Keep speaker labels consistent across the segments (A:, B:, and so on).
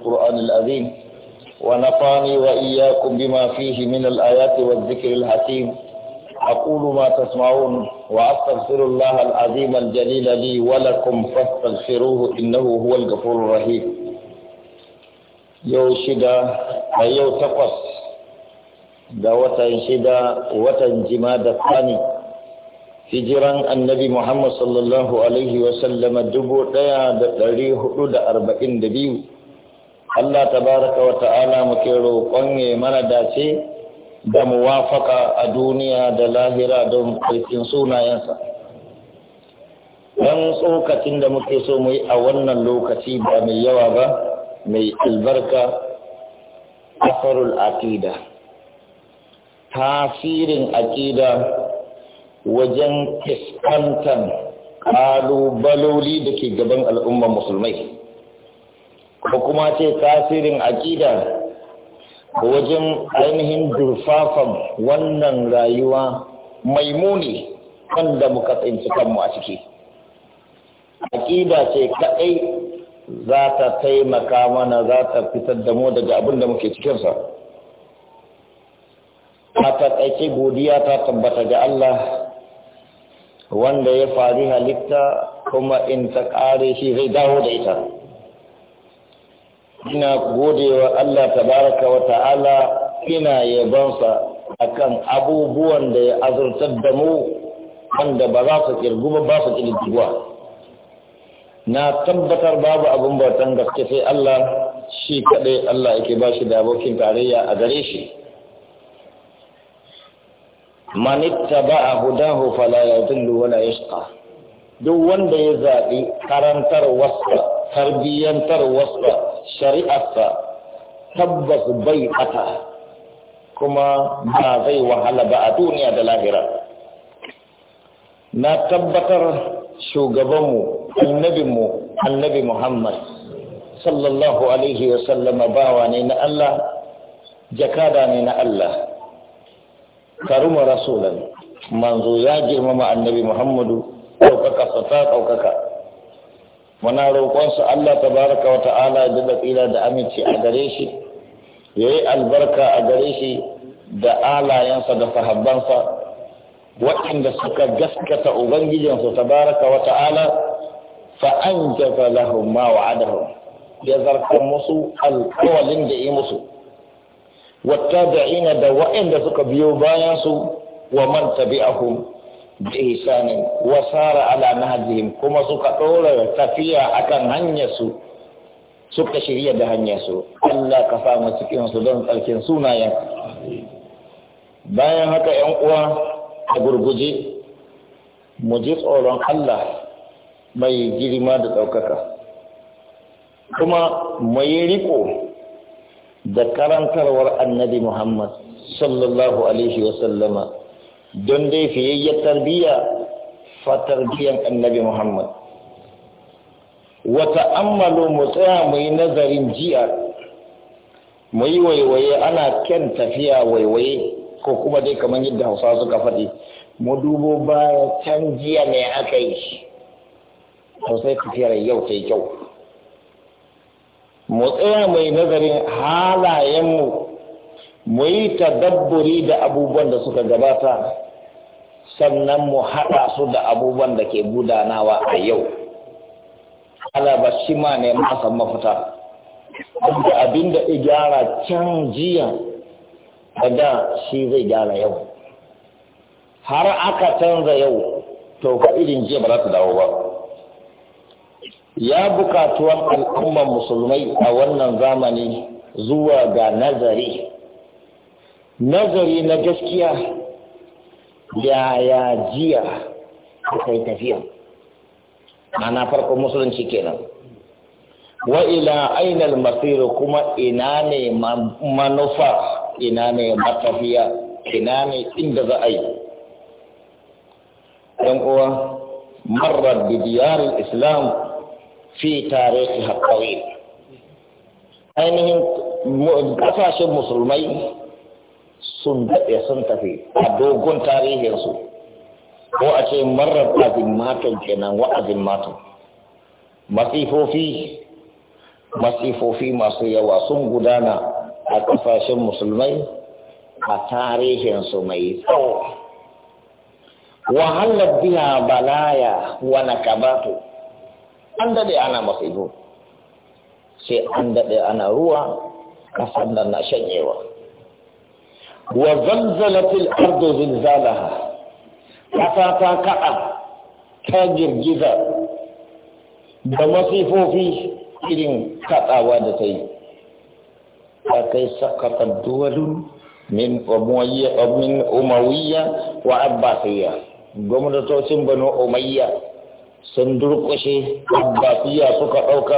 A: القرآن العظيم ونفاني وإياكم بما فيه من الآيات والذكر الحكيم أقول ما تسمعون وأستغفر الله العظيم الجليل لي ولكم فاستغفروه إنه هو الغفور الرحيم يو شدا يو تقص دا وتن شدا وتن جماد الثاني في annabi النبي محمد صلى الله عليه وسلم da ɗari hudu da Allah tabaraka wa ta'ala mu roƙon ya mana dace da mu wafaka a duniya da lahira don ƙarfin sunayensa. Don tsokacin da muke so mu yi a wannan lokaci ba mai yawa ba, mai albarka, asarul aƙida. Tasirin aƙida wajen kiskantan ƙalubaloli da ke gaban al'umman musulmai. ko kuma ce tasirin aƙida wajen ainihin durfafan wannan rayuwa mai muni wanda muka tsinci kanmu a ciki aƙida ce kaɗai za ta taimaka mana za ta fitar da mu daga abin da muke cikinsa. a taƙaice godiya ta tabbata ga Allah wanda ya fari halitta kuma in ta ƙare shi zai dawo da ita ina godewa Allah tabaraka wa ta'ala ina yabansa akan abubuwan da ya azurtar da mu wanda ba za su kirgu ba ba su kirguwa na tabbatar babu abin bautan gaske sai Allah shi kadai Allah yake ba shi da abokin tarayya a gare shi man ittaba'a hudahu fala yadhillu wala yashqa duk wanda ya zaɓi karantar wasa tarbiyantar wasa shari'arsa tabbas bai ɓata kuma ba zai wahala ba a duniya da lahira na tabbatar shugabanmu annabinmu annabi muhammad sallallahu alaihi wa bawa ne na allah jakada ne na allah karuma rasulan manzo ya girmama annabi muhammadu ɗaukaka sa ta ɗaukaka muna roƙonsa Allah tabaraka wa ta'ala da da aminci a gare shi ya yi albarka a gare shi da alayensa da sahabbansa waɗanda suka gaskata ubangijinsu tabaraka wa ta'ala fa jaza lahum ma wa'adahum ya zartar musu alƙawalin da yi musu wattabi'ina da waɗanda suka biyo bayan su wa man tabi'ahum da wa sara ala nahjihim kuma suka ɗora tafiya akan hanyarsu suka shirya da hanyarsu Allah ka fama cikin su don tsarkin sunayen bayan haka yan uwa a gurguje mu ji tsoron Allah mai girma da ɗaukaka kuma mai riƙo riko da karantarwar annabi Muhammad sallallahu alaihi wa sallama don dai fiyayyar tarbiyya fa biyan annabi Muhammad Wata ammalo mu tsaya mu yi nazarin jiya mu yi waiwaye ana kyan tafiya waiwaye ko kuma dai kamar yadda Hausa suka faɗi mu dubo baya can jiya ne aka yi sosai tafiyar yau ta yi kyau mu tsaya mai nazarin halayenmu mu yi tadabburi da abubuwan da suka gabata sannan mu haɗa su da abubuwan da ke gudanawa a yau alaba shi ma ne masa mafita da abin da gyara can jiya da shi zai gyara yau har aka canza yau to ka irin jiya ba za ta dawo ba ya bukatuwan al'umman musulmai a wannan zamani zuwa ga nazari nazari na gaskiya yaya jiya aka yi tafiya ana farko musulunci kenan wa ila ainal masiru kuma ina ne manufa ina ne matafiya ina ne inda za a yi ɗan uwa marar bidiyar islam fi tarihi haƙƙawi ainihin ƙasashen musulmai sun daɗe sun tafi a dogon tarihinsu ko a ce marar matan kenan wa matan, masifofi masifofi masu yawa sun gudana a ƙasashen musulmai a tarihinsu mai tsawo
B: wahalar biya
A: balaya wani kabato an daɗe ana masifo sai an daɗe ana ruwa ƙasar da na shanyewa wa zalzalatil ardu zilzalaha kasa ta kaɗa ta girgiza da masifofi irin kaɗawa da ta yi ta kai sakatar duwalu min umawiyya wa abbasiyya gwamnatocin banu umayya sun durƙushe abbasiyya suka ɗauka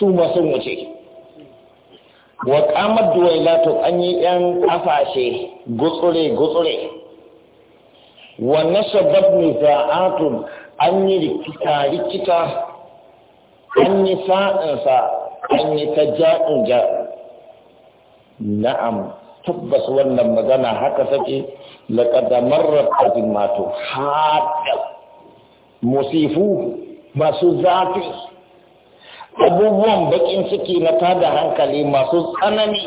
A: su masu wuce wa kamar duwailatu an yi yan kafashe gutsure gutsure wa nasabat niza'atun an yi rikita rikita an yi sa'insa an yi ta ja'in ja na'am tabbas wannan magana haka sake laƙadamar marrat mato haɗa musifu masu zafi abubuwan bakin ciki na tada hankali masu tsanani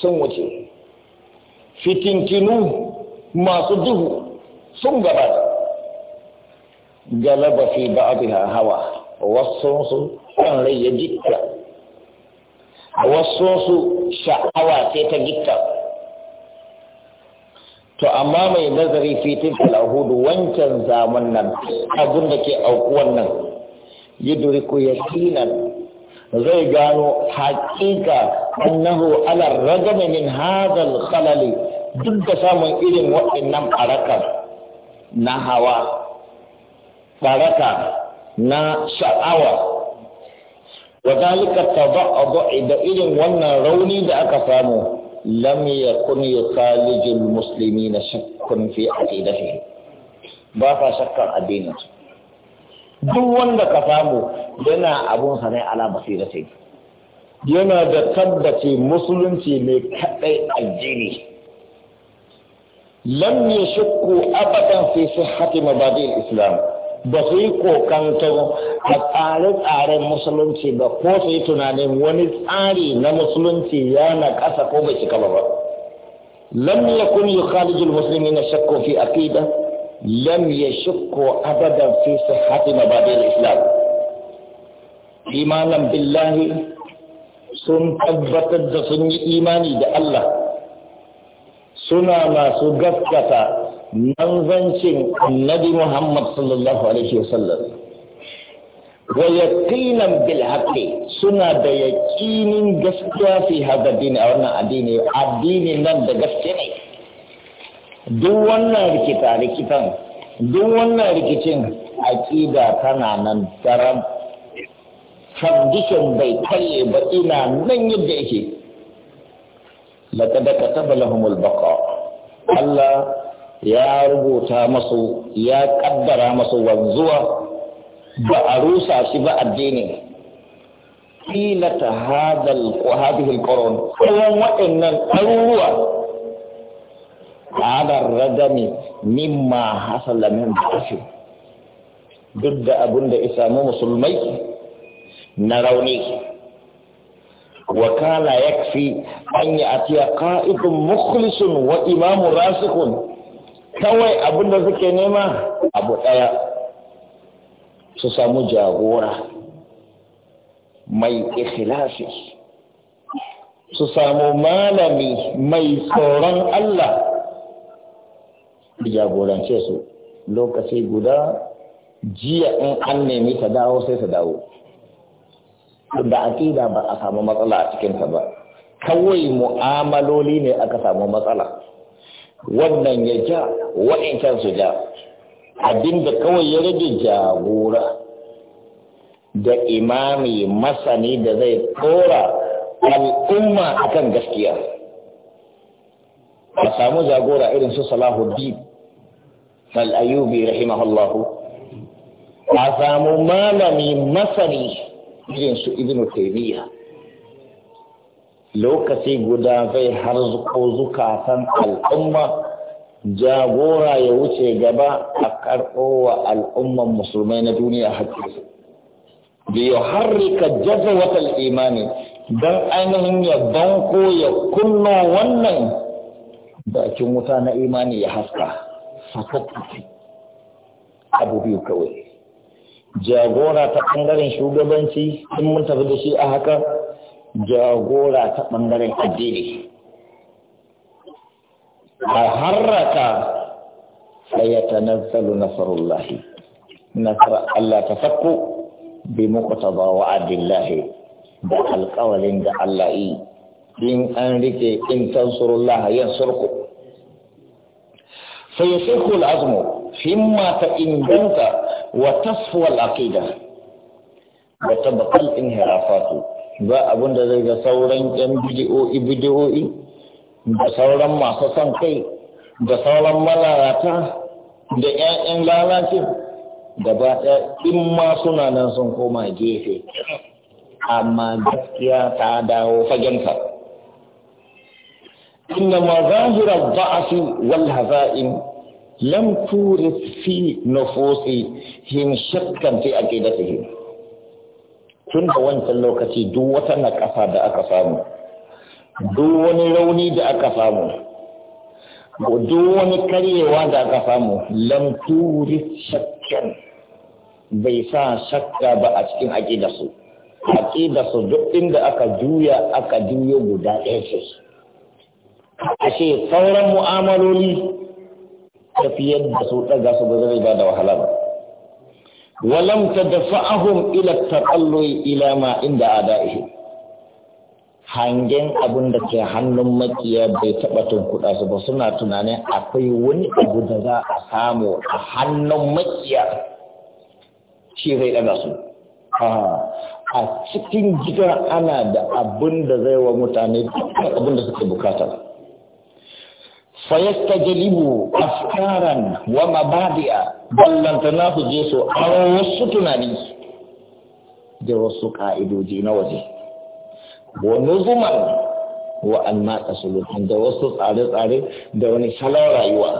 A: sun wuce fitintinu masu duhu sun gabata galaba fi abin hawa wasu su kan rai ya jikka wasu su sha'awa ce ta gitta. to amma mai nazari fitin al'ahudu wancan zaman nan abin da ke aukuwan nan yudriku nan. zai gano haƙiƙa annahu ala ragama min hadal khalali duk da samun irin waɗannan barakar na hawa baraka na sha'awa wa zalika tada'adu da irin wannan rauni da aka samu lam yakun yukhalijul muslimina shakkun fi aqidatihim ba fa shakkan addinin su duk wanda ka samu yana abun sa ne ala basira sai yana da tabbaci musulunci mai kadai addini lam yashku abadan fi sihhati mabadi'il islam ba su yi kokanto a tsare-tsaren musulunci ba ko su yi tunanin wani tsari na musulunci ya na ko bai cika ba lam yakun yukhalijul muslimina shakku fi aqida lam yashukku abadan fi sihhati mabadi' al-islam imanan billahi sun tabbatar da sun yi imani da Allah suna masu gaskata manzancin annabi Muhammad sallallahu alaihi wasallam wa yaqinan bil haqqi suna da yaqinin gaskiya fi hada a wannan addini addini nan da gaske ne duk wannan rikita rikitan duk wannan rikicin aƙida tana nan daram foundation bai karye ba ina nan yadda yake laqad kataba lahumul baqa Allah ya rubuta masu ya ƙaddara masu wanzuwa ba a rusa shi ba addini qila ta hadal hadhihi alqurun kullum waɗannan ɗaruruwa ala radami mimma hasala min dafi duk da abin da isamu musulmai na rauni wakala yakfi an yi atiya ka'idun mukhlisun wa imamu rasikun kawai abin da suke nema abu ɗaya su samu jagora mai ikhlasi su samu malami mai tsoron Allah jagorance su lokaci guda jiya in an nemi ta dawo sai ta dawo da aƙida ba a samu matsala a cikinta ba kawai mu'amaloli ne aka samu matsala wannan ya ja wa'incan su ja abinda kawai ya rage jagora da imami masani da zai tsora al'umma akan gaskiya a samu jagora irin su biyu. فالأيوبي رحمه الله أسام malami masari, irinsu ibnu ibn taymiya lokaci guda zai har zuko zukatan al'umma jagora ya wuce gaba a karɓo wa al'umman musulmai na duniya haƙƙi da ya harrika jazawata imani don ainihin ya banko ya kullu wannan bakin wuta na imani ya haska sakakki abu biyu kawai jagora ta ɓangaren shugabanci in mun tafi da shi a haka jagora ta ɓangaren addini a harraka ta nasarun nasarullahi nasarar Allah ta sakko bi muqtada wa'adillahi da alkawalin da Allah yi in an rike in tansurullaha yansurku sai ya shekul himma ta inganta wa tasfuwal aqida wa tabqal inhirafatu ba abin da zai ga sauran yan bidiyo'i bidiyo'i da sauran masu son kai da sauran malarata da 'ya'yan lalacin da ɗaya in ma suna nan sun koma gefe amma gaskiya ta dawo fagenta. إنما ظاهر الضعف والهزائم لم تورث في نفوسهم شكا في عقيدتهم tun da wancan lokaci duk wata naƙasa da aka samu duk wani rauni da aka samu duk wani karyewa da aka samu lam shakkan bai sa shakka ba a cikin aƙidarsu aƙidarsu duk inda aka juya aka juyo guda ɗaya ce ashe sauran mu'amaloli tafiyar da su ɗaga su ba zai ba da wahala ba walam ahun ila taqallui ila ma inda a ada'ihi hangen abin da ke hannun makiya bai taɓa kuɗa su ba suna tunanin akwai wani abu da za a samu a hannun makiya shi zai ɗaga su a cikin gidan ana da abin da zai wa mutane abin da suke bukata فيستجلب afkaran ومبادئ بل لن je جيسو أو wasu لي da wasu ƙa'idodi na waje wani zuman wa'anna ƙasulukan da wasu tsare-tsare da wani salon rayuwa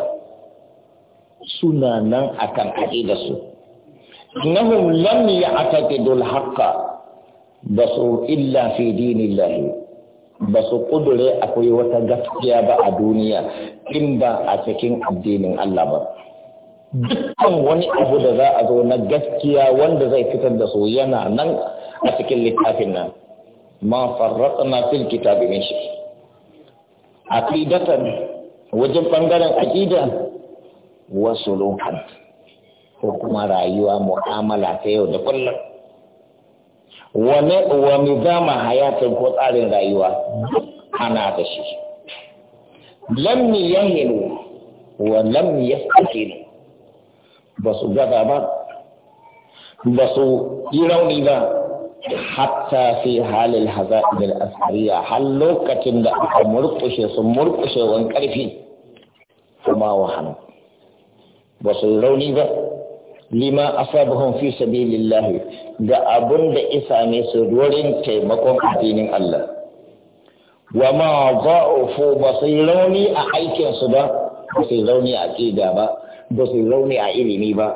A: suna nan a kan da su nahum lam ya aka dul haqqa ba su illa fi dinillahi ba su kudure akwai wata gaskiya ba a duniya in ba a cikin addinin Allah ba. Dukkan wani abu da za a zo na gaskiya wanda zai fitar da su yana nan a cikin littafin nan. Ma na fil kitabi min shi.
B: Aqidatan
A: wajen ɓangaren aqida wasu lokan ko kuma rayuwa mu'amala ta yau da kullum. wane wani zama hayatin ko tsarin rayuwa ana da shi lammi yahilu wa lammi lam yastakilu ba su gaza ba ba su yi rauni ba hatta fi halin haza'id al-asariya har lokacin da aka murkushe su murkushe wani karfi kuma wahan ba su yi rauni ba lima asabahum fi sabilillah ga abun da isa ne su wurin taimakon addinin Allah wa ma dha'ufu ba su rauni a aikin su ba ba su rauni a aqida ba ba su rauni a ilimi ba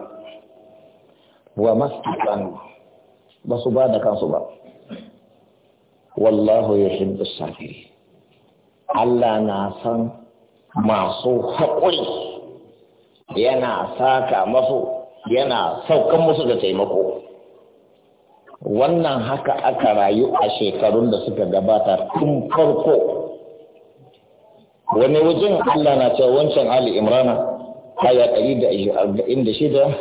A: wa mastaqan ba su ba da kansu ba wallahu yuhibbu sabirin Allah na san masu haƙuri yana saka masu yana saukan musu da taimako wannan haka aka rayu a shekarun da suka gabata tun farko wani wajen Allah na cewa wancan Ali Imrana aya 146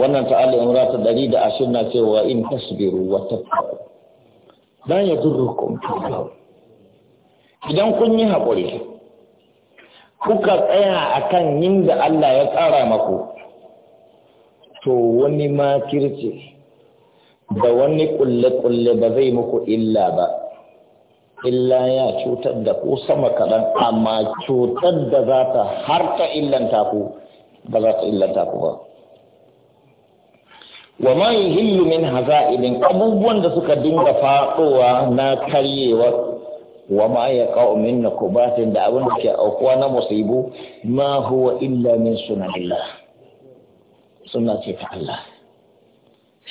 A: wannan ta Ali Imrana ta 120 na cewa in tasbiru wa ya duru ku idan kun yi haƙuri kuka tsaya akan yin da Allah ya tsara maku to wani makirci da wani kulle-kulle ba zai muku illa ba illa ya cutar da ku sama kaɗan amma cutar da za ta har ta illanta ku ba za ta illanta ku ba wa ma yuhillu min haza'ilin abubuwan da suka dinga faɗowa na karyewa wa ma ya ƙa'u kubatin da abin da ke aukuwa na musibu ma huwa illa min Allah. suna ce ta Allah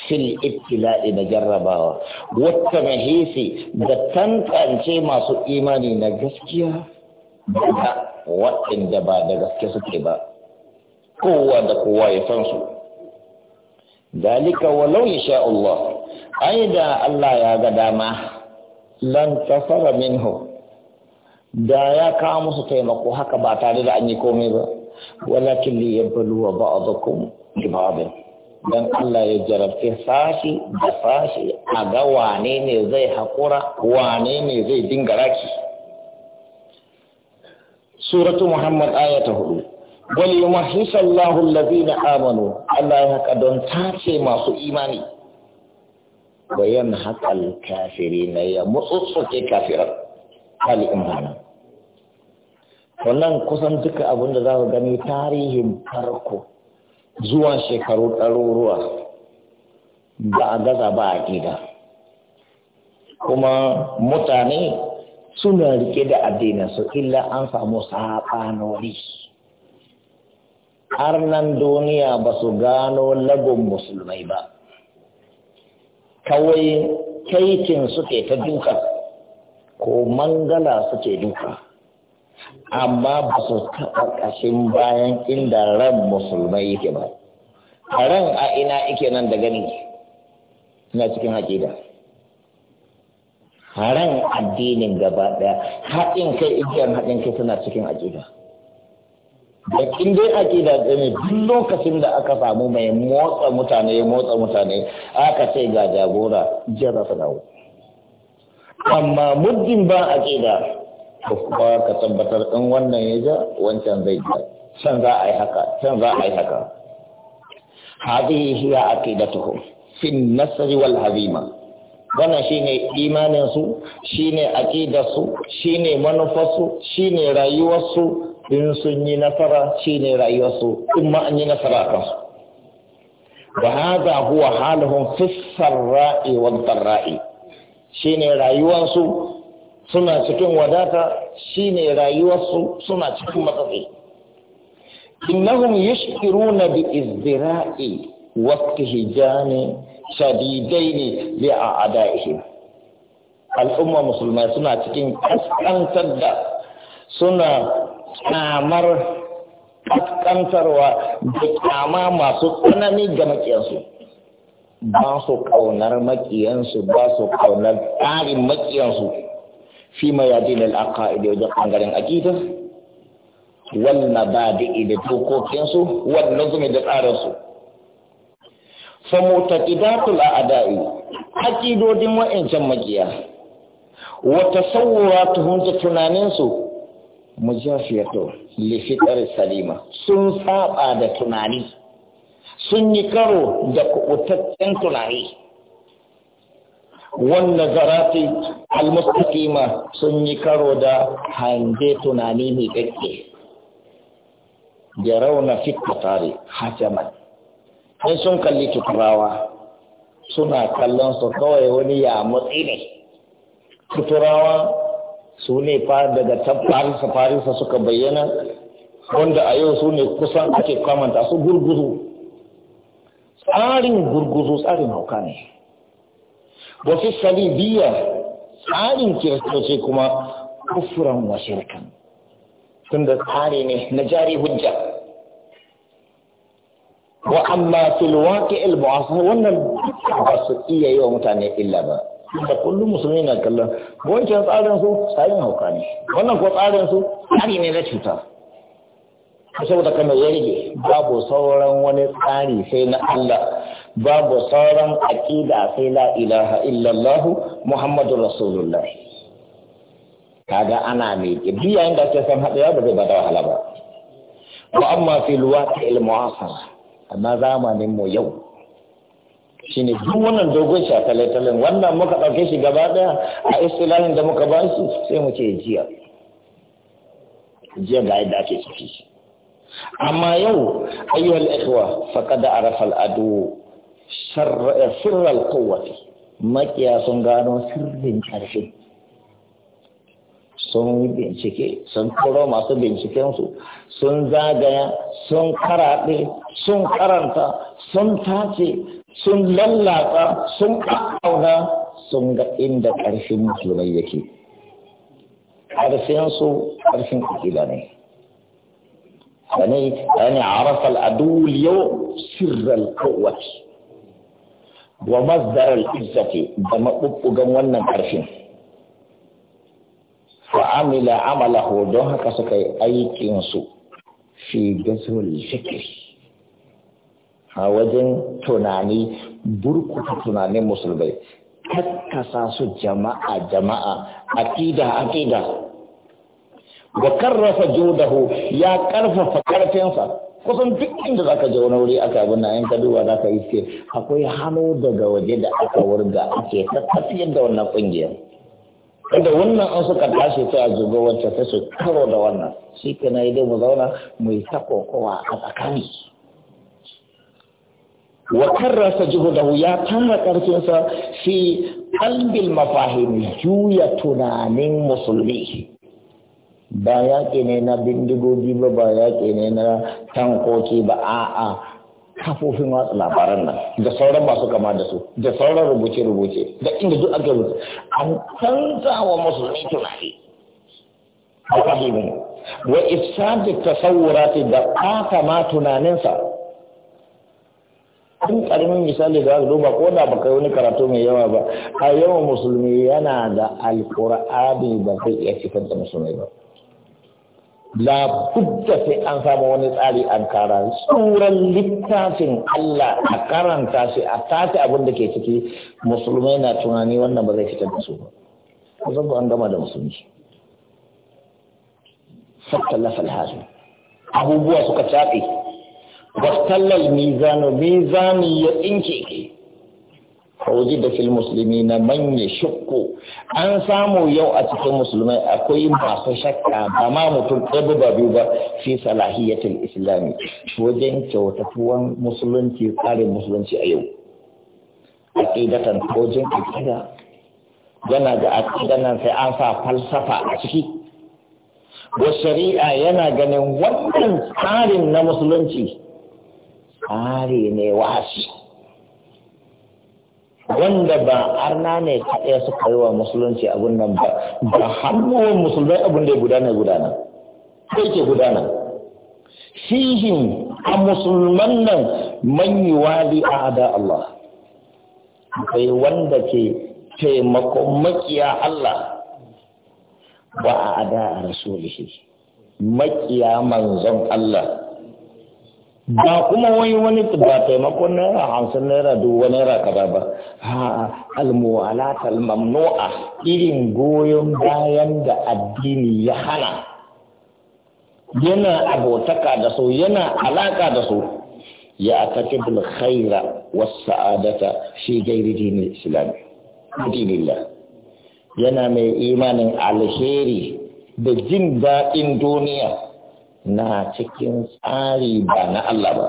A: fil ibtila'i da jarrabawa wata mahisi da tantance masu imani na gaskiya da waɗanda ba da gaske suke ba kowa da kowa ya san su dalika walau sha Allah ai da Allah ya ga dama lan tasara minhu da ya kawo musu taimako haka ba tare da an yi komai ba walakin li yabluwa ba'dakum bi ba'd dan Allah ya jarabce sashi da sashi a ga wane ne zai haƙura wane ne zai dinga raki suratu muhammad aya ta hudu wal yumahhisa Allahu alladhina amanu Allah ya haka don tace masu imani wa yanhaqa al na ya mutsutsuke kafiran hal imana wannan kusan duka abin da za ku gani tarihin farko zuwa shekaru ɗaruruwa ba a gaza ba a gida kuma mutane suna rike da su illa an samu saɓanori har nan duniya ba su gano lagun musulmai ba kawai kaikin suke ta duka ko mangala suke duka amma ba su taɓa ƙashin bayan inda ran musulmai yake ba a ran a ina ike nan da gani na cikin haƙida ran addinin gaba ɗaya haɗin kai igiyar haɗin kai suna cikin haƙida da in dai aƙida ne duk lokacin da aka samu mai motsa mutane ya motsa mutane aka ce ga jagora jiya amma muddin ba aƙida to kuma ka tabbatar in wannan ya ja wancan zai ja can za a yi haka can za a yi haka hadihi hiya aqidatuhum fi an-nasr wal hazima wannan shine imanin su shine aqidar su shine manufar su shine rayuwar su in sun yi nasara shine rayuwar su in ma an yi nasara a kansu wa hadha huwa haluhum fi sarra'i wad dharra'i shine rayuwar su suna cikin wadata shine rayuwarsu suna cikin matsatsi innahum yushkiruna bi izdira'i wa ne shadidaini li a'daihim al'umma musulmai suna cikin kaskantar da suna kamar kaskantarwa da kama masu tsanani ga makiyansu ba su kaunar makiyansu ba su kaunar tsarin makiyansu fi mayadin al-aqaid wajen bangaren aqida wal mabadi da dokokin su wal nuzumi da tsarin su fa mutaqidatul a'da'i aqidodin wa'ancan makiya wa tasawwuratuhum da tunanin su mujafiyatu li fitr salima sun saba da tunani sun yi karo da kuɓutaccen tunani Wannan zarafi almustaqima sun yi karo da hange tunani mai tsakke da rauna fitatare hajjaman sai sun kalli turawa suna kallon su kawai wani ya matsi ne turawa su ne daga tafarinsa-farinsa suka bayyana wanda a yau su ne kusan ake kwamanta su gurguzu tsarin gurguzu tsarin hauka ne da fi salibiyya tsarin kiristoci kuma kufuran wa shirkan tun da tsari ne na jari hujja wa amma fil waqi'il sun wannan ba su iya yi wa mutane illa ba da kullum musulmi na kallon wancan tsarin su tsarin hauka ne wannan ko tsarin su tsari ne na cuta saboda kamar ya rage babu sauran wani tsari sai na Allah babu sauran aƙida sai la ilaha illallahu muhammadu rasulullah kaga ana mai biya inda ake san haɗewa ba zai bada wahala ba wa amma fi luwata mu'asara amma zamanin mu yau shine duk wannan dogon shataletalen wannan muka ɗauke shi gaba ɗaya a istilahin da muka ba shi sai mu ce jiya jiya ga yadda ake ciki amma yau ayyuhal ikhwa faqad arafa al adu Eh, sirral kowace makiya sun gano sirrin ƙarfi sun bincike sun koro masu bincikensu sun zagaya sun karaɗe sun karanta sun tace sun lallata sun ƙaƙauna sun ga inda ƙarfin musulmai yake ƙarfinsu ƙarfin ƙila ne yani yani a rasar adu yau sirral kowace wa masdar al-izzati da mabubbugan wannan karshen fa amila ho don haka suka yi aikin su fi gazul a wajen tunani burkuta tunanin musulmai kakkasa su jama'a jama'a aqida aqida wa karrafa judahu ya karfafa karfinsa kusan duk inda zaka je wani wuri aka abin nan in ka duba zaka ce akwai hannu daga waje da aka wurga ake tafiyar da wannan kungiyar da wannan an suka tashi sai a zuba wacce ta su karo da wannan shi ke na idan mu zauna mu yi ta kokowa a tsakani wa karrasa juhudahu ya tara karfinsa fi qalbil mafahim juya tunanin musulmi ba yaƙi ne na bindigogi ba ba yaƙi ne na tankoki ba a'a kafofin watsa labaran nan da sauran masu kama da su da sauran rubuce-rubuce da inda duk aka rubuce an canza wa musulmi tunani a wajen wa ta tasawurati da ɓata ma tunaninsa kun karamin misali da aka duba ko da baka wani karatu mai yawa ba a yawan musulmi yana da alkur'ani ba zai iya cikin da musulmi ba labudda sai an samu wani tsari an kara tsoron littafin Allah a karanta shi a tace abin da ke ciki musulmai na tunani wannan ba zai fitar da su ba zan ba an gama da musulmi fattalafa alhazu abubuwa suka taɓe waftallar mizanu mizani ya tsinke fawuji da fil musulmi na manya shukku an samu yau a cikin musulmai akwai masu shakka ba ma mutum ɗaya ba biyu ba fi salahiyatul islami wajen kyautatuwan musulunci tsarin musulunci a yau ƙidatan wajen ƙidatan yana ga a nan sai an sa falsafa a ciki wa shari'a yana ganin wannan tsarin na musulunci tsari ne wasu wanda ba arna ne kaɗai suka yi wa musulunci abun nan ba ba hannuwan musulmai abun da ya gudana gudana ko ke gudana Fihin a musulman nan manyi wali a ada Allah akwai wanda ke taimakon makiya Allah ba a ada a rasulihi makiya manzon Allah ba kuma wai wani ba taimakon naira hamsin naira wani naira kaza ba ha almuwalatal mamnu'a irin goyon bayan da addini ya hana yana abotaka da su yana alaka da su ya a bil khaira wa sa'adata shi gairi dinin islam dinillah yana mai imanin alheri da jin daɗin duniya na cikin tsari ba na Allah ba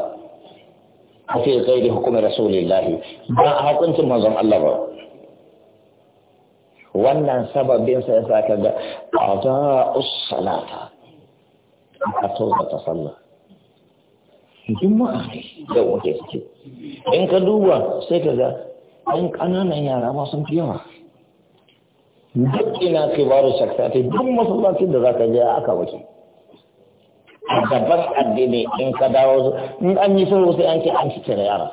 A: Ake fi zai da hukumar rasulillahi ba a hukuncin manzon Allah ba wannan sababin sa yasa ka ga a qada usalata a kato da ta sallah juma'a da wuce suke. in ka duba sai ka ga an ƙananan yara ma sun fi yawa duk ina kibaru shakta duk masallacin da za ka je aka wuce a gaban addini in ka dawo in an yi so sai an ce an ci cire yara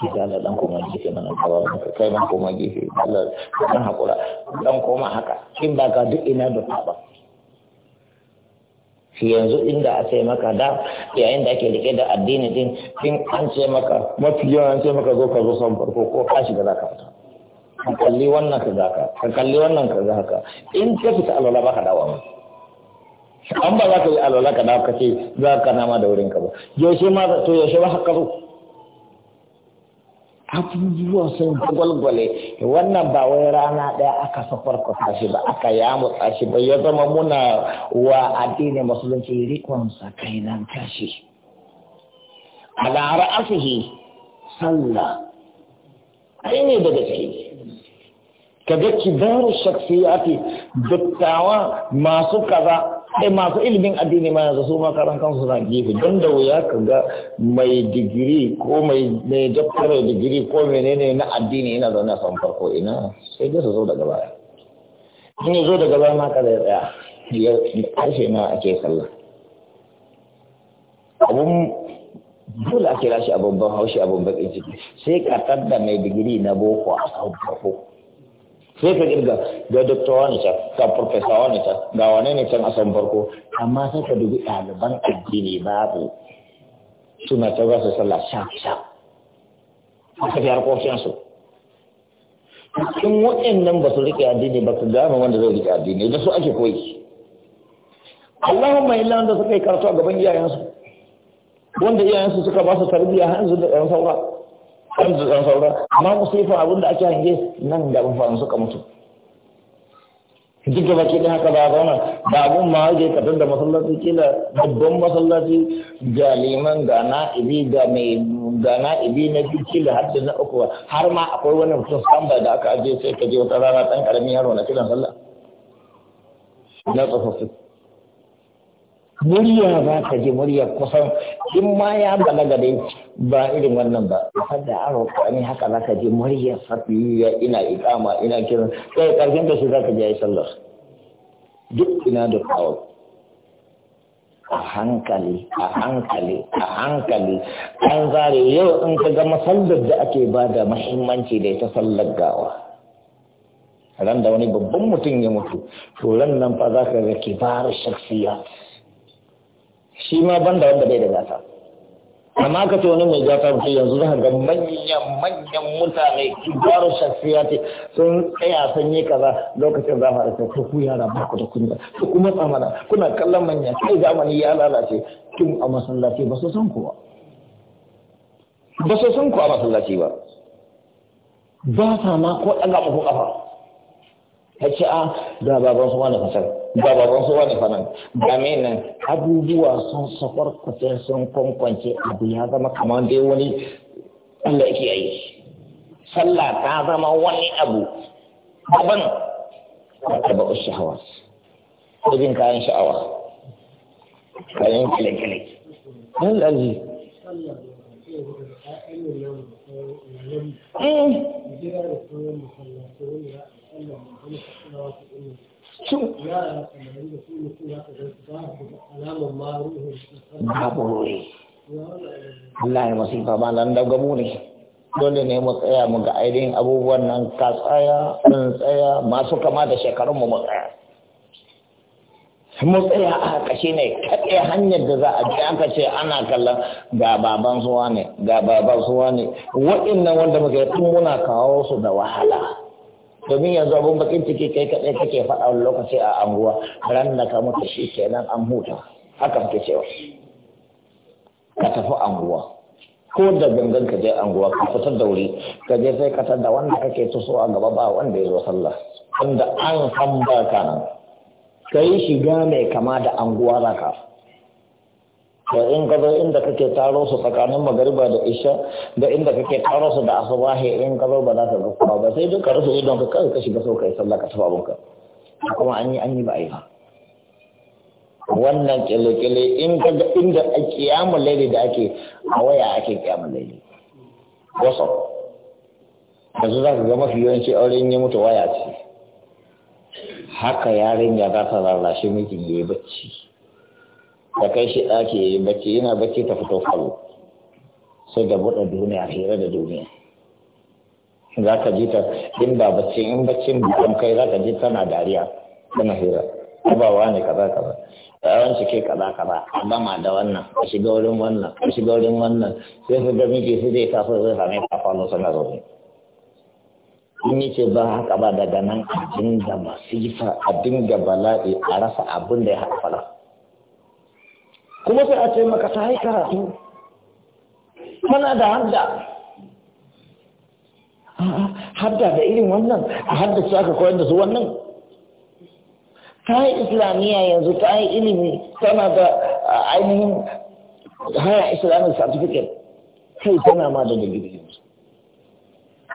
A: Kika da dan koma gefe nan gaba ka kai dan koma gefe Allah dan hakura dan koma haka in ba ka duk ina da ba shi yanzu inda a sai maka da yayin da ake rike da addini din in an ce maka mafi yawan an ce maka zo ka zo san farko ko ka shiga za ka fita ka kalli wannan ka za ka ka kalli wannan ka za ka in ka fita Allah ba ka dawo mai an ba za ka yi alwala ka dawo ka ce za ka nama da wurin ka ba yaushe ma to yaushe ba haka zo abubuwa sun gwalgwale wannan ba wai rana ɗaya aka safar kwasa shi ba aka yamutsa shi ba ya zama muna wa addinin musulunci sa kai nan kashi ala ra'asihi sallah ai ne daga ciki kaga kibaru shakhsiyati dattawa masu kaza sai masu ilimin addini ma yanzu su ma karan kansu na gefe don da wuya ka ga mai digiri ko mai mai daktarar digiri ko menene na addini ina zaune a san farko ina sai dai su zo daga baya in ya zo daga baya ma kada ya tsaya ya harshe na ake sallah abun dole ake lashe shi abun ban haushi abun bakin ciki sai ka da mai digiri na boko a san farko sai ka kirga ga doktor ne ta ga professor ne wanita, ga wane ne can asan farko amma sai ka dubi ɗaliban addini babu suna ta su sallah sha sha haka fi harkokin su in waɗannan ba su riƙe addini ba ka gane wanda zai riƙe addini da su ake koyi Allahumma illa wanda suka yi karatu a gaban iyayensu wanda iyayensu suka ba su tarbiyya har yanzu da ɗan saura an zuwan saura amma musifa abinda ake hange nan da mafan suka mutu duk da baki da haka ba zauna ba abun ma haje ka da masallaci kila babban masallaci ga liman ga na'ibi ga mai ga na'ibi na biyu kila har da na uku har ma akwai wani mutum samba da aka aje sai ka je wata rana dan karamin yaro na kiran sallah na tsofaffi murya za ka ji murya kusan in ma ya balaga dai ba irin wannan ba da aro ne haka za ka ji murya safiya ina ikama ina kiran kai karfin da shi za ka ji ya yi sallar duk ina da kawo a hankali a hankali a hankali an zare yau in ka ga masallar da ake ba da mahimmanci da ita sallar gawa ran da wani babban mutum ya mutu to ran nan fa za ka ga kibar shaksiyat shi ma ban da wanda bai da gata amma ka ce wani mai gata mutum yanzu za ga manyan manyan mutane kibaru shafiya ce sun tsaya sanyi yi kaza lokacin zamani ta ta ku yara ba ku da kunya ku kuma tsamana kuna kallon manya kai zamani ya lalace tun a masallaci ba su san ku ba ba su san ku a masallaci ba ba sa ma ko ɗaga muku ƙafa ta ce ah, a da baban su wani fasar ga ba su wani fanan game nan abubuwa sun safar kusa sun kwankwance abu ya zama kamar dai wani Allah yake yi sallah ta zama wani abu daban ba sha'awa, irin kayan sha'awa kayan kile-kile don lalji
B: Mm. Eh. babu ruri
A: Allah ya masifa ba nan da gamu ne dole ne mu tsaya mu ga ainihin abubuwan nan ka tsaya ɗin tsaya masu kama da shekarunmu mu tsaya mu tsaya a haka shi ne kaɗe hanyar da za a ji aka ce ana kallon ga baban suwa ne ga baban suwa ne waɗannan wanda muke tun muna kawo su da wahala domin yanzu abun bakin ciki kai kaɗai kake faɗa wani lokaci a anguwa ran da ka mutu shi kenan an huta haka muke cewa ka tafi anguwa ko da gangan ka je anguwa ka fitar da wuri ka je sai ka tada wanda kake tuso a gaba ba wanda ya zo sallah wanda an san ba ka nan ka yi shiga mai kama da anguwa za ka da in ka zo inda kake taro su tsakanin magariba da isha da inda kake taro su da asubahi in ka zo ba za ka ga kuma ba sai duk ka rufe idon ka kai ka shiga sau kai sallah ka tafi ka. kuma an yi an yi ba a yi ba wannan kele-kele in ka ga inda a kiyamun laili da ake a waya ake kiyamun laili da yanzu za ka ga mafi yawanci auren ya mutu waya ce haka yarinya za ta lalace mikin ya yi bacci ta kai shi ɗaki yi bacci yana bacci ta fito falo sai da buɗe duniya hira da duniya za ka ji ta in ba bacci in bacci bukan kai za ka ji tana dariya tana hira abawa ne kaza kaza yawan ke kaza kaza a ma da wannan a shiga wurin wannan a shiga wurin wannan sai su ga miji su zai taso zai same ta falo sana zaune in yi ce ba haka ba daga nan a dinga masifa a dinga bala'i a rasa abin da ya haɗa kuma sai a ce maka ta yi karatu mana da hadda hadda da irin wannan a hadda su aka koyar da su wannan ta yi islamiyya yanzu ta yi ilimi tana da ainihin haya islamic certificate kai tana ma da digiri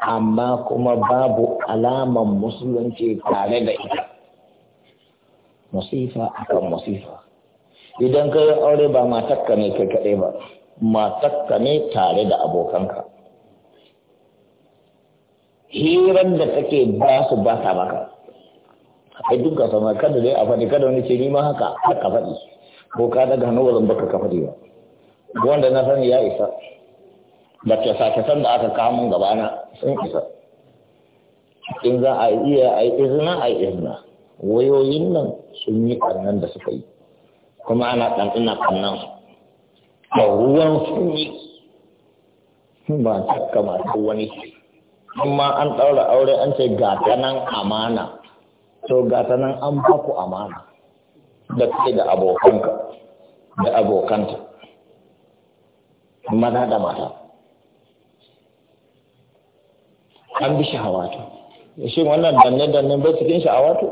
A: amma kuma babu alaman musulunci tare da ita musifa akan musifa idan ka yi aure ba matakka ne kai kaɗai ba matakka ne tare da abokanka hirar da kake ba su ba ta maka a duka sama kada dai a faɗi kada wani ce ni ma haka ka faɗi ko ka daga hannu wajen baka ka faɗi ba wanda na sani ya isa ba ke sake san da aka kawo mun gaba na sun isa in za a iya a yi izina a yi izina wayoyin nan sun yi ƙannan da suka yi kuma ana ɗanɗana kannan a ruwan sunyi ba ta kamata wani amma an ɗaura aure an ce gata nan amana to gata nan an baku amana da kai da abokanka da abokanta maza da mata an bi shahawatu shi wannan danne-danne ba cikin shahawatu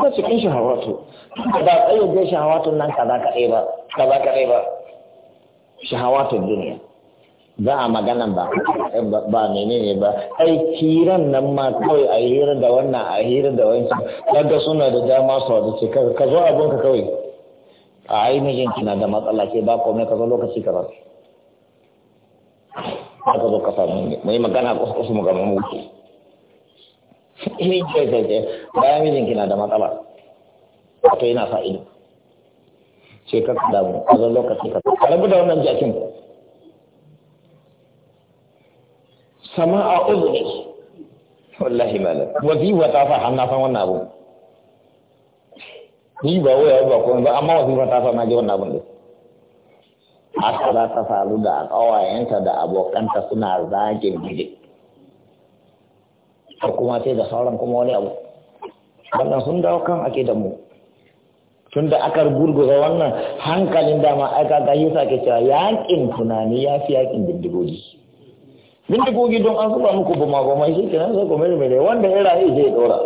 A: ba cikin shahawatu ba kayyade shahawatun nan kaza kaɗai ba kaza kaɗai ba shahawatun duniya za a magana ba ba menene ba ai hiran nan ma kawai a hira da wannan a hira da wancan kaga suna da dama su wata ce ka zo abin ka kawai a ainihin mijinki na da matsala ke ba komai ka zo lokaci ka ba aka zo ka samu ne mai magana kusa mu ga mu wuce eh ce ce bayan mijinki na da matsala wato yana sa sai ka ka damu a zan lokaci ka ka rabu da wannan jakin sama a uzuri wallahi malam wazifa ta hannu san wannan abu ni ba waya ba amma wazifa ta fa na ji wannan abun da haka za ta faru da ƙawayenta da abokanta suna zagin gidi har kuma sai da sauran kuma wani abu wannan sun dawo kan ake da mu tunda aka gurguza wannan hankalin dama aka ga yi sake cewa yakin tunani ya fi yakin bindigogi bindigogi don an zuba muku ba buma shi kenan sai ku mai mai wanda ya rayu zai dora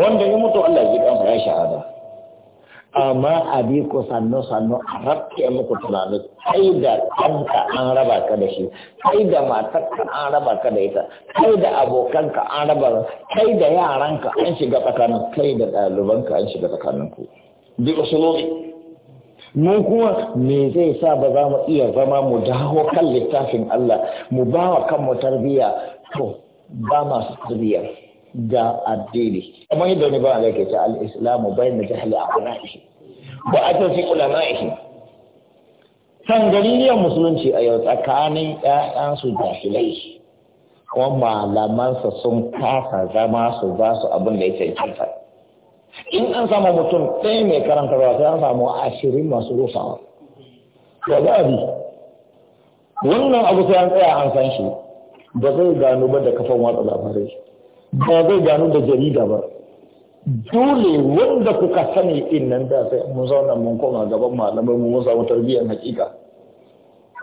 A: wanda ya mutu Allah ya kansa ya shahada amma a bi ku sannu sannu a rabke muku tunani kai da kanka an raba ka da shi kai da matarka an raba ka da ita kai da abokanka an raba kai da yaranka an shiga tsakanin kai da ɗalibanka an shiga tsakanin ku bi usulubi mu kuma me zai sa ba za mu iya zama mu dawo kan littafin Allah mu ba wa kanmu tarbiyya to ba masu tarbiyya ga addini kamar yadda wani ba Allah ke ce al-islamu bayna jahli aqra'ihi wa a ulama'ihi san ganiyar musulunci a yau tsakanin ƴaƴansu jahilai kuma malamansa sun kasa zama su ba su abin da ya cancanta in an samu mutum ɗaya mai karanta ruwa sai an samu ashirin masu rusawa ya za a bi wannan abu sai an tsaya an san shi ba zai gano ba da kafan watsa labarai ba zai gano da jarida ba dole wanda kuka sani in nan da sai mun zauna mun koma gaban malamai mun samu tarbiyyar hakika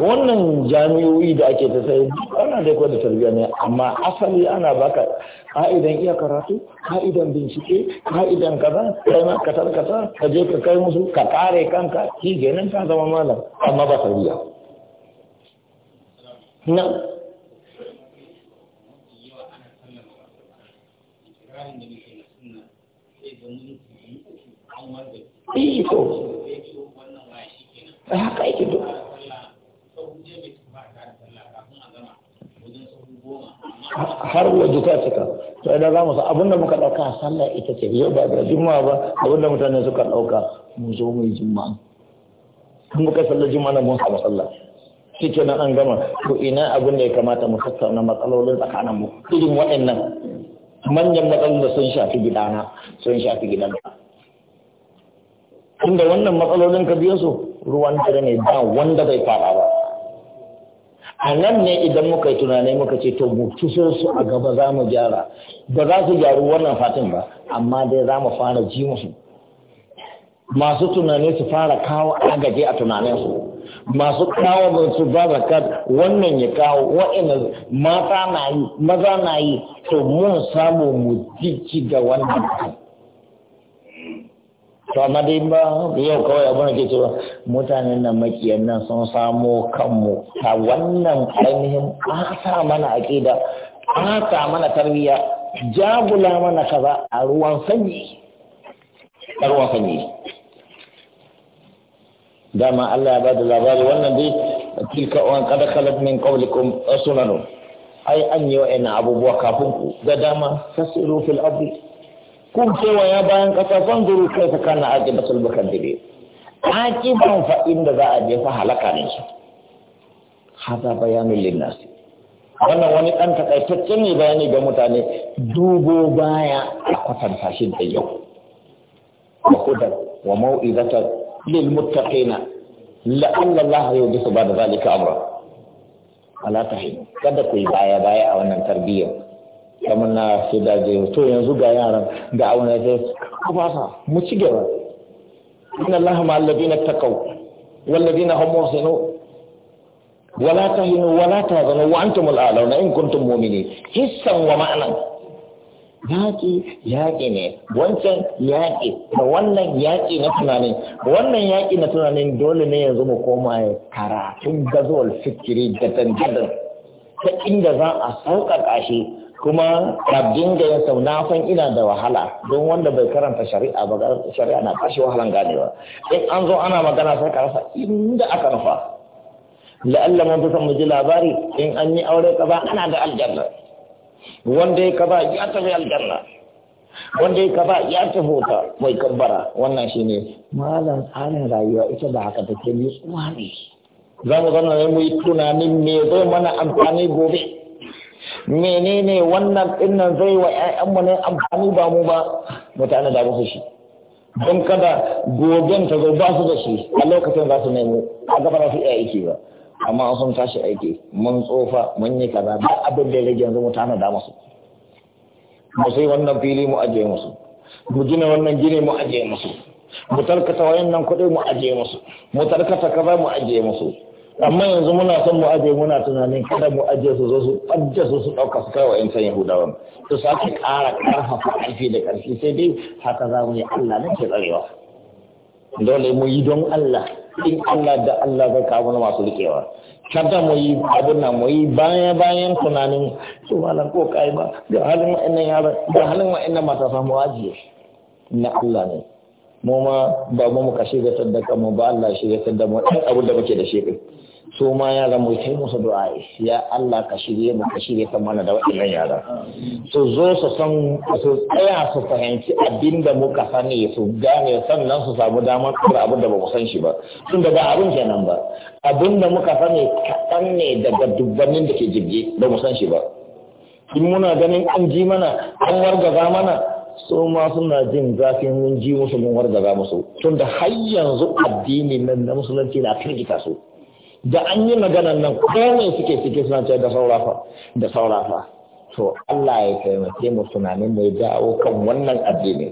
A: wannan jami'o'i da ake ta sai ana da kwa da tarbiyya ne amma asali ana baka ka'idan iya karatu ka'idan bincike ka'idan kaza kai ma katar katar ka je ka kai musu ka kare kanka shi kenan ka zama malam amma ba tarbiyya na Iko. Haka yake duk.
B: har waje ta cika
A: to idan za mu sa abin da muka ɗauka sallah ita ce yau ba da juma'a ba abin da mutane suka ɗauka mu zo mu yi juma'a in muka sallar juma'a mun samu sallah shi nan an gama to ina abin da ya kamata mu tattauna matsalolin tsakanin mu irin waɗannan manyan matsalolin da sun shafi gidana sun shafi gidana, inda wannan matsalolin ka biyo su ruwan dare ne ba wanda bai fara ba a nan ne idan muka yi tunanai muka ce to mu tuso su a gaba za mu gyara ba za su gyaru wannan fatin ba amma dai za mu fara ji musu masu tunani su fara kawo agaje a tunanin su masu kawo su ba zakat wannan ya kawo wa'ina mata na yi maza na yi to mun samu mu ji da wannan to amma dai ba yau kawai abin da ke cewa mutanen nan makiyan nan sun samo kanmu ta wannan ainihin asa mana aƙida asa mana tarbiyya jagula mana kaza a ruwan sanyi a ruwan sanyi dama Allah ya ba da labari wannan dai tilka wan kada khalat min qablikum sunanu ai an yi wa'ina abubuwa kafin ku da dama tasiru fil ardi kun cewa ya bayan kasa son zuru kai fa kana aqibatul mukaddibi ban fa inda za a je fa halaka ne shi hada bayanin linnas wannan wani ɗan takaitaccen ne bayani ga mutane dubo baya a kwatanta shi da yau wa hudan wa mau'izata lil muttaqina la'alla Allah ya yudisu ba da zalika amra ala tahinu kada ku yi baya baya a wannan tarbiyyar kamar na sai daje to yanzu ga yaran ga auna sai ba sa mu ci gaba inna allaha ma alladina taqaw ladina hum muhsinu wala tahinu wala tahzanu wa antum al'alawna in kuntum mu'minin hissan wa ma'nan yaƙi yaƙi ne wancan yaƙi da wannan yaƙi na tunanin wannan yaƙi na tunanin dole ne yanzu mu koma karatun gazuwar fikiri da dandadan ta inda za a sauƙaƙa shi kuma ka dinga yin sau na san ina da wahala don wanda bai karanta shari'a ba shari'a na tashi wahalan ganewa in an zo ana magana sai ka rasa inda aka nufa la'alla mun fi son mu ji labari in an yi aure ka ba ana da aljanna wanda ya ka ba ya tafi aljanna wanda ya kaba ya ta mai kabbara wannan shi ne malam tsarin rayuwa ita ba haka take ne kuma ne za mu zana ne mu yi tunanin me zai mana amfani gobe menene wannan dinnan zai wa ƴaƴanmu ne amfani ba mu ba mutane da musu shi don kada goben ta zo ba su da shi a lokacin za su nemi a gaba za su iya aiki ba amma sun tashi aiki mun tsofa mun yi kaza ba abin da ya rage yanzu mutane da musu mu sai wannan fili mu aje musu mu gina wannan gine mu aje musu mu tarkata wayannan kuɗi mu aje musu mu tarkata kaza mu aje musu amma yanzu muna son mu aje muna tunanin kada mu aje su zo su aje su su dauka su kai wa yan san yahudawa to sake ƙara ƙarfafa ƙarfi da ƙarfi sai dai haka za mu yi Allah ne ke tsarewa dole mu yi don Allah in Allah da Allah zai kawo mana masu rikewa kada mu yi abin nan mu yi baya bayan tunanin su malam ko kai ba da halin wa'annan yara da halin wa'annan matasa mu ajiye na Allah ne mu ma ba mu ka shiga sadaka mu ba Allah shiga ya mu ɗan abu da muke da shi su ma yaran mu sai musu du'a ya Allah ka shirye mu ka shirye ta mana da waɗannan yara su zo su san su tsaya su fahimci abinda muka sani su gane sannan su samu damar kura abin da ba mu san shi ba tun da ba abin kenan ba abin da muka sani kaɗan ne daga dubbanin da ke jirgi ba mu san shi ba in muna ganin an ji mana an wargaza mana su ma suna jin zafin mun ji musu mun wargaza musu tun da har yanzu addini nan na musulunci na firgita su da an yi maganan nan komai suke suke suna ce da saurafa da saurafa to Allah ya taimake mu tunanin mai dawo kan wannan addini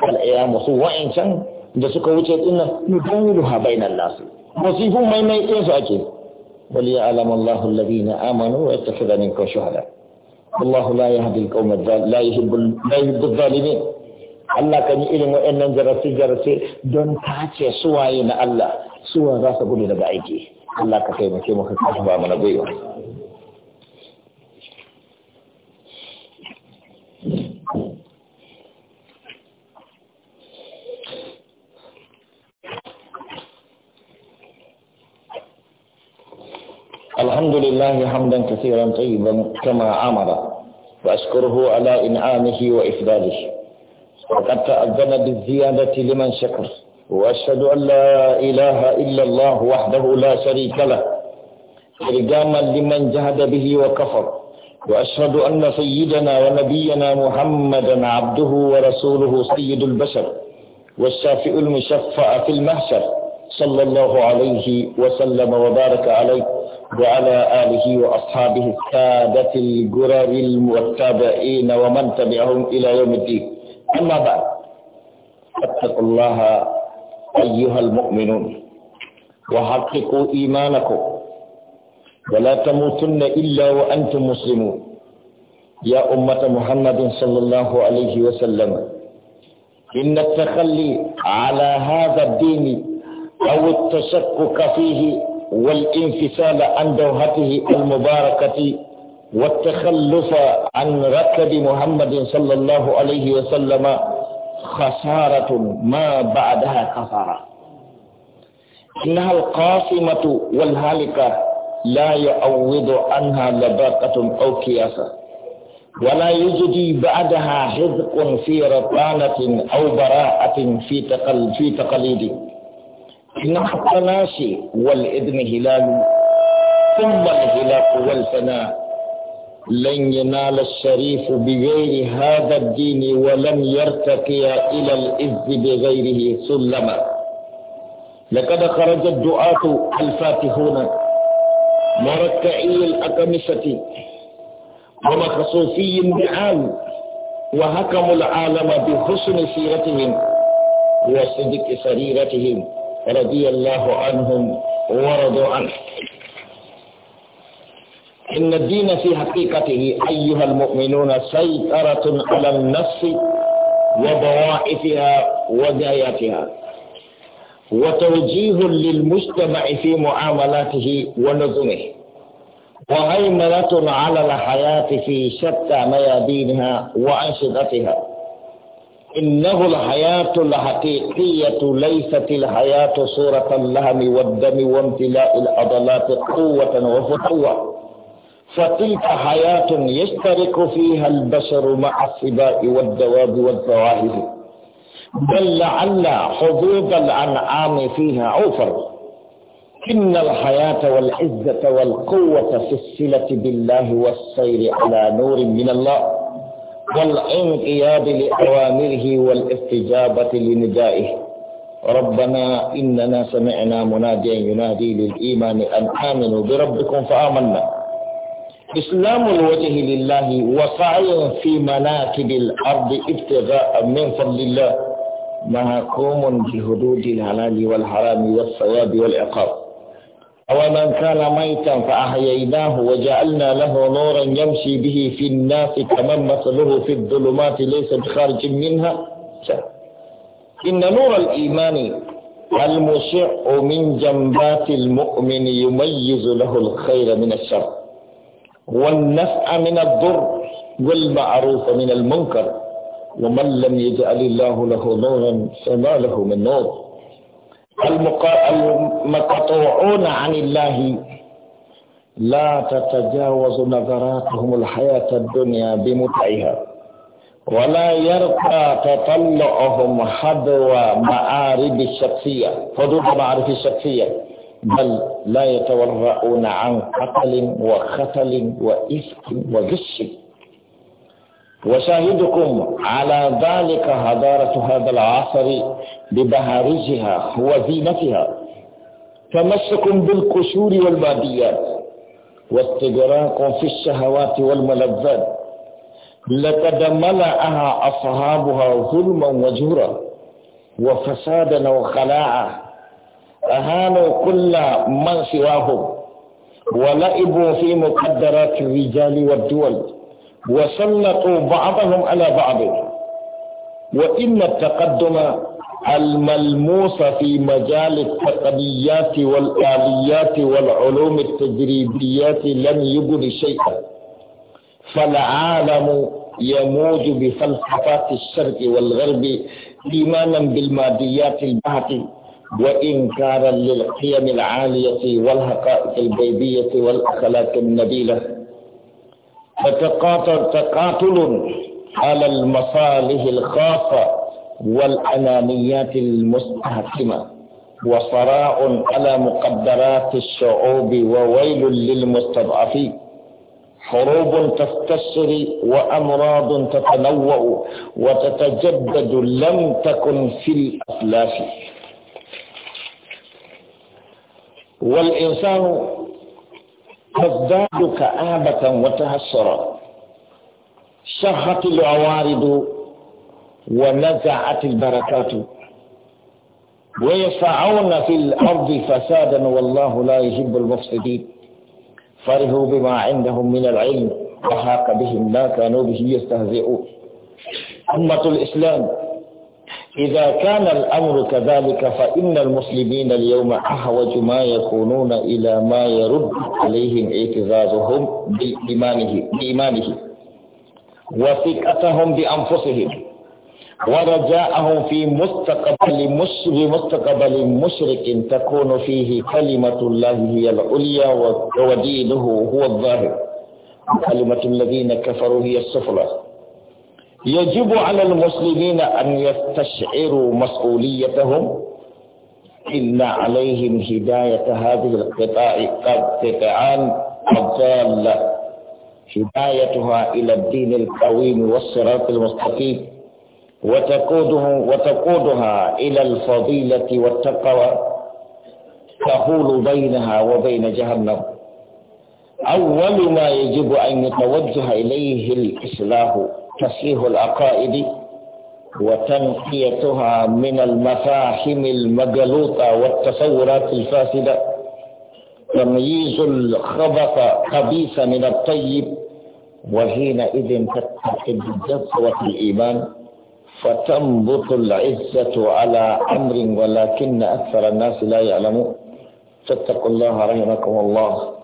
A: kal iya musu wa'ancan da suka wuce dinnan mu dan ruha bainan nasu musifun mai mai su ake wal alam Allahu alladhina amanu wa yattakhidha minkum shuhada Allahu la yahdi alqawm la yuhibbu la yuhibbu adh-dhalimin Allah kan yi irin wa'annan jarasi jarasi don tace suwaye na Allah suwa za su gudu daga aiki Allah ka taimake mu ka kasu ba mana gwiwa الحمد لله حمدا كثيرا طيبا كما عمر وأشكره على إنعامه وإفداده وقد تأذن بالزيادة لمن شكر وأشهد أن لا إله إلا الله وحده لا شريك له إرجاما لمن جهد به وكفر وأشهد أن سيدنا ونبينا محمدا عبده ورسوله سيد البشر والشافئ المشفع في المحشر صلى الله عليه وسلم وبارك عليه وعلى آله وأصحابه السادة الجرر المتابعين ومن تبعهم إلى يوم الدين أما بعد فاتقوا الله أيها المؤمنون وحققوا إيمانكم ولا تموتن إلا وأنتم مسلمون يا أمة محمد صلى الله عليه وسلم إن التخلي على هذا الدين أو التشكك فيه والانفصال عن دوحته المباركة والتخلف عن ركب محمد صلى الله عليه وسلم خسارة ما بعدها خسارة إنها القاسمة والهالكة لا يعوض عنها لباقة أو كياسة ولا يجدي بعدها حذق في رطانة أو براءة في تقل في تقليد إنها التناسي والإذن هلال ثم الهلاك والفناء لن ينال الشريف بغير هذا الدين ولن يرتقي إلى الإذ بغيره سلما لقد خرج الدعاة الفاتحون
B: مركعي
A: الأقمشة ومخصوصي النعام وحكموا العالم بحسن سيرتهم وصدق سريرتهم رضي الله عنهم ورضوا عنه إن الدين في حقيقته أيها المؤمنون سيطرة على النفس وضوائفها وجاياتها وتوجيه للمجتمع في معاملاته ونظمه وهيمنة على الحياة في شتى ميادينها وأنشطتها إنه الحياة الحقيقية ليست الحياة صورة اللهم والدم وامتلاء العضلات قوة وفتوة فتلك حياة يشترك فيها البشر مع السباء والدواب والزواهر بل لعل حظوظ الأنعام فيها عفر إن الحياة والعزة والقوة في الصلة بالله والسير على نور من الله والانقياد لأوامره والاستجابة لندائه ربنا إننا سمعنا مناديا ينادي للإيمان أن آمنوا بربكم فآمنا إسلام الوجه لله وسعي في مناكب الأرض ابتغاء من فضل الله محكوم بحدود الحلال والحرام والصواب والعقاب أومن كان ميتا فأحييناه وجعلنا له نورا يمشي به في الناس كمن مثله في الظلمات ليس بخارج منها إن نور الإيمان المشع من جنبات المؤمن يميز له الخير من الشر والنفع من الضر والمعروف من المنكر ومن لم يجعل الله له نورا فما له من نور المقطوعون عن الله لا تتجاوز نظراتهم الحياة الدنيا بمتعها ولا يرقى تطلعهم حدوى معارف الشخصية حدود معارف الشخصية بل لا يتورعون عن قتل وختل وإفك وغش وشاهدكم على ذلك هدارة هذا العصر ببهارجها وزينتها تمسكم بالقشور والباديات واستغراق في الشهوات والملذات لقد ملأها أصحابها ظلما وجورا وفسادا وخلاعة أهانوا كل من سواهم ولعبوا في مقدرات الرجال والدول وسلطوا بعضهم على بعض وإن التقدم الملموس في مجال التقنيات والآليات والعلوم التجريبيات لم يبن شيئا فالعالم يموج بفلسفات الشرق والغرب إيمانا بالماديات الباطنة وإنكارا للقيم العالية والحقائق البيبية والأخلاق النبيلة فتقاتل تقاتل على المصالح الخاصة والأنانيات المستحكمة وصراع على مقدرات الشعوب وويل للمستضعفين حروب تستشري وأمراض تتنوع وتتجدد لم تكن في الأفلاك والإنسان تزداد كآبة وتهسرا شهت العوارض ونزعت البركات ويسعون في الأرض فسادا والله لا يحب المفسدين فرهوا بما عندهم من العلم وحاق بهم ما كانوا به يستهزئون أمة الإسلام إذا كان الأمر كذلك فإن المسلمين اليوم أحوج ما يكونون إلى ما يرد عليهم اعتزازهم بإيمانه, بإيمانه وثقتهم بأنفسهم ورجاءهم في مستقبل مشر مستقبل مشرك تكون فيه كلمة الله هي العليا ودينه هو الظاهر كلمة الذين كفروا هي السفلى يجب على المسلمين أن يستشعروا مسؤوليتهم إن عليهم هداية هذه القطاع القطعان الضالة هدايتها إلى الدين القويم والصراط المستقيم وتقودها, وتقودها إلى الفضيلة والتقوى تحول بينها وبين جهنم أول ما يجب أن يتوجه إليه الإصلاح تصحيح العقائد وتنقيتها من المفاهيم المغلوطة والتصورات الفاسدة تمييز الخبث خبيث من الطيب وحينئذ تتحد جذوة الإيمان فتنبط العزة على أمر ولكن أكثر الناس لا يعلمون فاتقوا الله رحمكم الله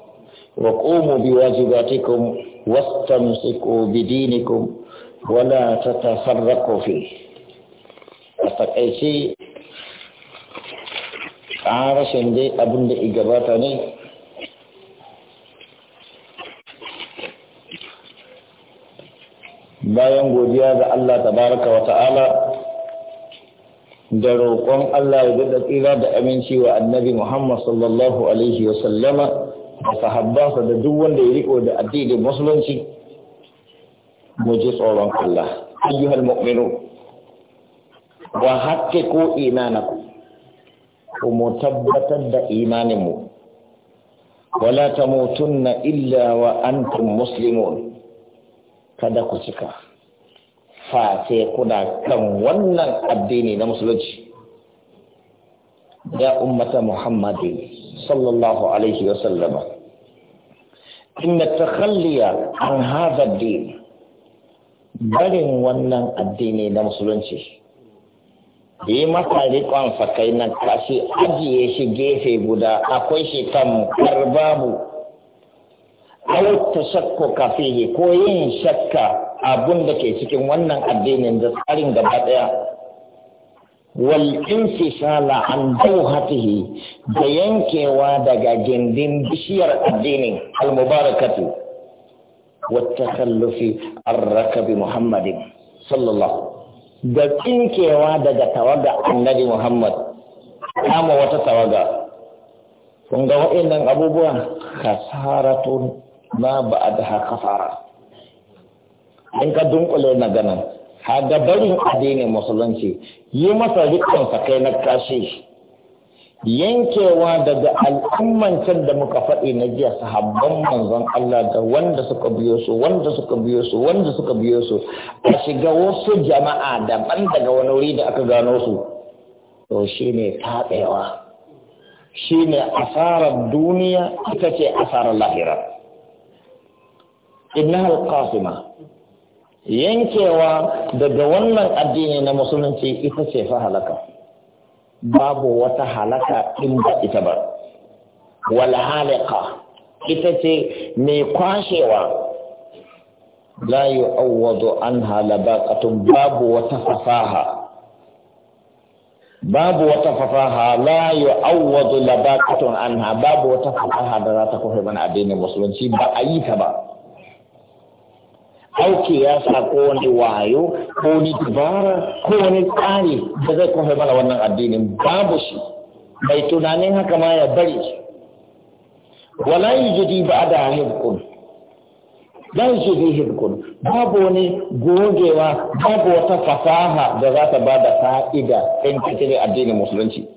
A: وقوموا بواجباتكم واستمسكوا بدينكم ولا تتفرقوا فيه أتكيشي عارش دي أبن دي إجاباتني bayan godiya ga Allah tabaraka wa ta'ala da roƙon Allah ya daɗa tsira da aminci wa annabi Muhammad sallallahu alaihi wa sallama da sahabbansa da duk wanda ya riko da addinin musulunci mu ji tsoron Allah ayyuhal mu'minu wa hakke ko imanaku ku mu tabbatar da imaninmu wala tamutunna illa wa antum muslimun kada ku cika face kuna kan wannan addini na musulunci ya ummata muhammadin sallallahu alaihi wa inna takhalliya an haza din barin wannan addini na musulunci yi maka rikon fakai na kashi ajiye shi gefe guda akwai shi kan karbabu ta shakko kafihi ko yin shakka abun da ke cikin wannan addinin da tsarin gaba daya wal’infisala an dauhatihi da yankewa daga gindin bishiyar addinin al-mubarakatu wata kallufi rakabi muhammadin sallallahu da tsinkewa daga tawaga annabi muhammad kama wata tawaga ga wa'innan abubuwan kasaratun ma ba a da haka fara in ka dunkule na ganin Haga barin addinin musulunci yi masa rikon kai na kashe yankewa daga al'umman can da muka faɗi na jiya sahabban manzon Allah da wanda suka biyo su wanda suka biyo su wanda suka biyo su a shiga wasu jama'a daban daga wani wuri da aka gano su to shine Shi shine asarar duniya ita ce asarar lahira inna al-qasima yankewa daga wannan addini na musulunci ita ce fa halaka babu wata halaka in ba ita ba wal halika ita ce mai kwashewa la yu'awwadu anha labaqatun babu wata fasaha babu wata fasaha la yu'awwadu labaqatun anha babu wata fasaha da za ta kofe mana addinin musulunci ba a yi ta ba aiki ya sa ko wani wayo ko wani dubara ko wani tsari da zai kuma mana wannan addinin babu shi mai tunanin haka ma ya bari wala a da hibkun dan su hibkun babu wani gogewa babu wata fasaha da za ta ba da fa'ida in cikin addinin musulunci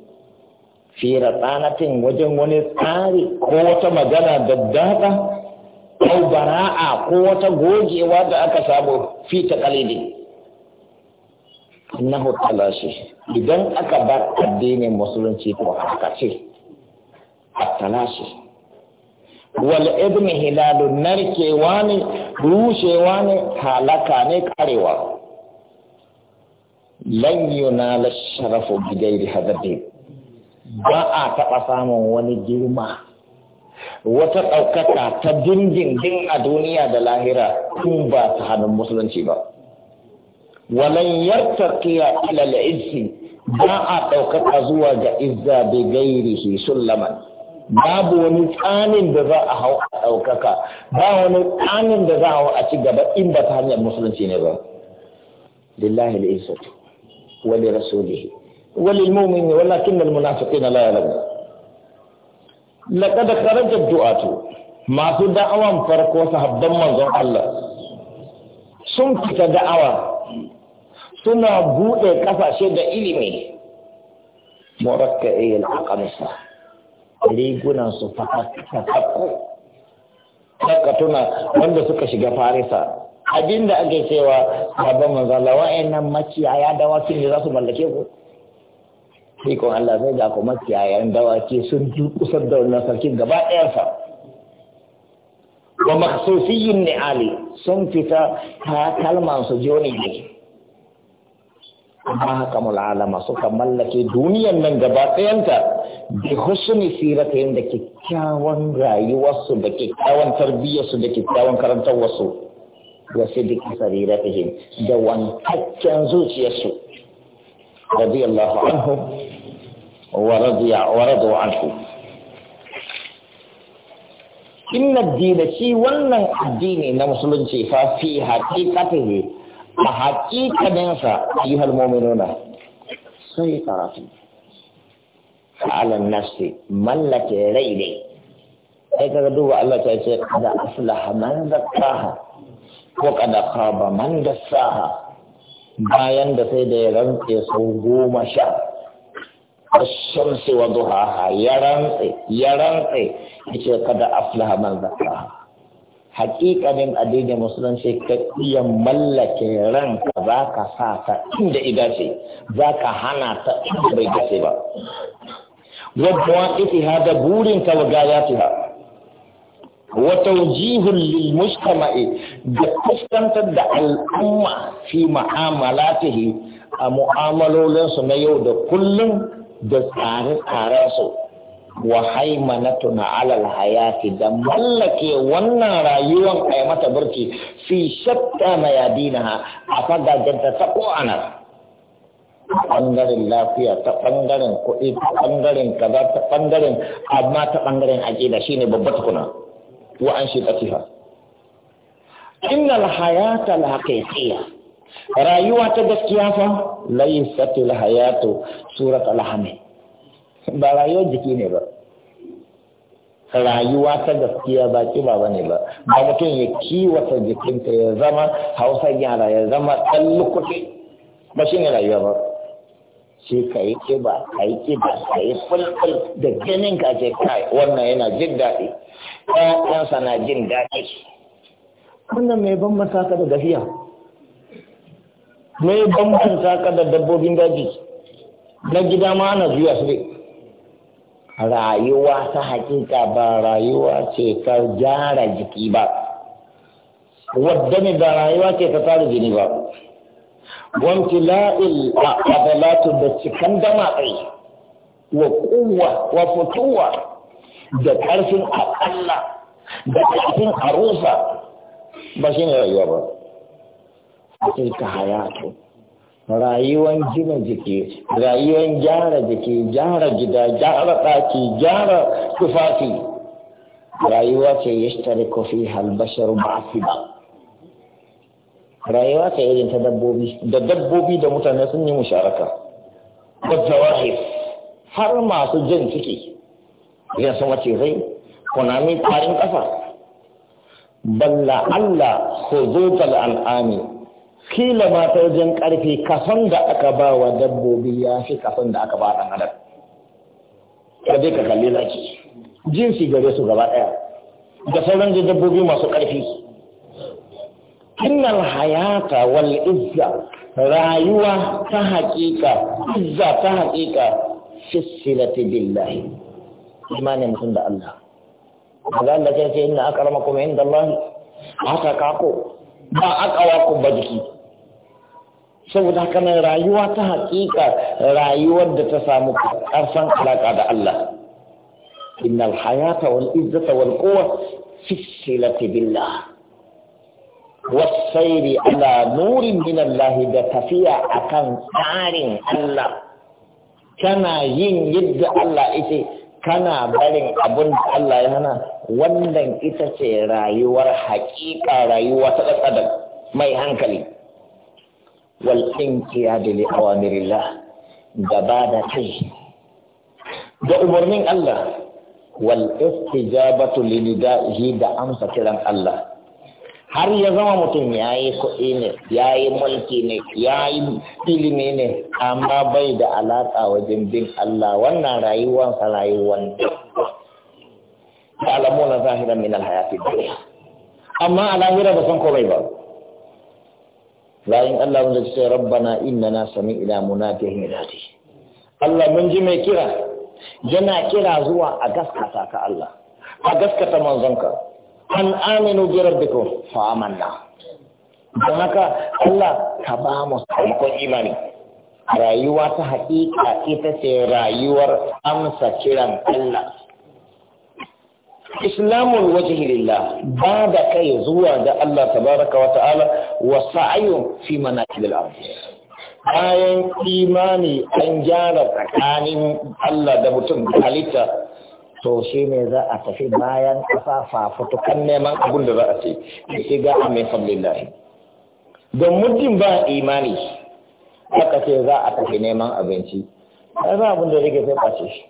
A: fira tsanatin wajen wani tsari ko wata magana da daɗa au bara'a ko wata gogewa da aka samu fi ta kalili innahu shi, idan aka bar addinin musulunci ko haka ce a talashi wal ibn hilal narkewa ne rushewa ne halaka ne karewa lan sharafu gidai da ba a taɓa samun wani girma wata ɗaukaka ta dindindin a duniya da lahira tun ba ta hannun musulunci ba walan yartaqiya ila al-izzi ba a ɗaukaka zuwa ga izza bi ghairihi sullaman babu wani tsanin da za a hau a ɗaukaka ba wani tsanin da za a hau a ci gaba in ba ta hanyar musulunci ne ba lillahi al-izzatu wa li rasulihi wa lil mu'mini walakin al-munafiqina la ya'lamun laqad kharaja du'atu masu da'awan farko sahabban manzon Allah sun fita da'awa suna buɗe ƙasashe da ilimi moraka iya al'akamsa rigunan su fakakko haka tuna wanda suka shiga farisa abinda ake cewa sabon manzala wa'annan maciyaya da wasu ne za su mallake ku ikon Allah sai ga kuma kiyayen dawaki sun kusur da wannan sarki gaba ɗayansa wa ne Ali sun fita ta kalman su joni ne amma haka mul'alama suka mallake duniyan nan gaba ɗayanta da husni ta yadda kyakkyawan rayuwarsu da kyakkyawan tarbiyyarsu da kyakkyawan karantarwarsu wa sidiki sariratihim da wankakken zuciyarsu radiyallahu anhu waradu anhu inna addina shi wannan addini na musulunci fa fi haqiqatihi
B: a haqiqanin
A: sa ayyuhal mu'minuna sai karatu ala nafsi mallake rai ne sai kaga duba Allah ta ce kada aslaha man zakkaha ko kada khaba man dassaha bayan da sai da ya rantse sau goma sha Ka shan siyo duha ha ya rantse ya rantse kada a fila a ban daɗa. Hakikamin addinin musulunci ka iya mallake yaran. Ba ka sa ta inda ita zaka hana ta inda bai daɗi ba. Babban waƙi fiha da burin ta ga ya fi ha. Wata jihun limushka mai da kuskantar da al'umma fi ma'amala a mu'amalolinsu na yau da kullum da tsare su wa tuna alal hayati da mallake wannan rayuwan a mata burki fi shatta mayadinaha a fagajen ta ko'anar ɓangaren lafiya ta ɓangaren kuɗi ta ɓangaren kaza ta ɓangaren amma ta ɓangaren aƙida shine babba tukuna wa an shi tsatiha innal hayata al-haqiqiyya rayuwa ta gaskiya fa laysatul hayatu surat alhamd ba rayuwar jiki ne ba rayuwa ta gaskiya ba kiba bane ba ba mutum ya kiwata jikinta ya zama hausa yara ya zama ɗan lukuɗi ba ne rayuwa ba Shi ka yi kiba ka yi kiba ka yi fulfil da ganin ka ce kai wannan yana jin daɗi Ɗan ɗansa na jin daɗi wannan mai ban masaka da gafiya me bambanta ka da dabbobin daji na gida ma ana zuwa su dai rayuwa ta hakika ba rayuwa ce ta gyara jiki ba wadda ne ba rayuwa ce ta tsara jini ba wanti la'il a adalatu da cikan ɗai wa kuwa wa fituwa da ƙarfin aƙalla da ƙarfin a rusa ba shi ne rayuwa ba تلك حياته رأيوان جمع جكي رأيوان جارة جكي جارة جدا جارة قاكي جارة كفاكي رأيوات يشترك فيها البشر معصبا رأيوات يجن تدبوبي تدبوبي دا متناسني مشاركة والزواحف هر سجن تكي إذا سمتي غير كنامي تارين كفا بل الله خذوك الأنعامي kila ma ta wajen karfe kasan da aka ba wa dabbobi ya fi kasan da aka ba a adam
B: ka je ka kalli zaki
A: jinsi gare su gaba ɗaya da sauran da dabbobi masu ƙarfi innal hayata wal izza rayuwa ta hakika, izza ta haƙiƙa fissilati billahi imanin mutum da Allah maza Allah ce inna akramakum inda Allah haka kako ba akawa ku ba jiki saboda haka nan rayuwa ta hakika rayuwar da ta samu karsan alaka da Allah innal hayata wal izzata wal quwwa fi silati billah wasairi ala nurin min Allah da tafiya akan tsarin Allah kana yin yadda Allah yake kana barin abun da Allah ya hana wannan ita ce rayuwar hakika rayuwa ta ɗan mai hankali wal inqiyad li awamirillah gaba da kai da umarnin Allah wal istijabatu li da amsa kiran Allah har ya zama mutum ya yi kuɗi ne ya yi mulki ne ya yi ilimi ne amma bai da alaƙa wajen bin Allah wannan rayuwansa rayuwan ta alamuna zahiran min alhayati duniya amma a lahira ba san komai ba bayan Allah mun ce rabbana innana sami'na munafihin yati Allah mun ji mai kira yana kira zuwa a gaskata ka Allah a gaskata manzonka an aminu bi rabbikum fa amanna don haka Allah ka ba mu sakamakon imani rayuwa ta haƙiƙa ita ce rayuwar amsa kiran Allah islamun wajen lillah ba da kai zuwa ga Allah tabaraka wa ta'ala wa sa'ayun fi manaqibil bayan imani an gyara tsakanin Allah da mutum da halitta to shi ne za a tafi bayan ƙasa fafutukan neman abin da za a ce sai ga amin fadlillahi don muddin ba imani aka ce za a tafi neman abinci ai ba abin da rage sai kwace shi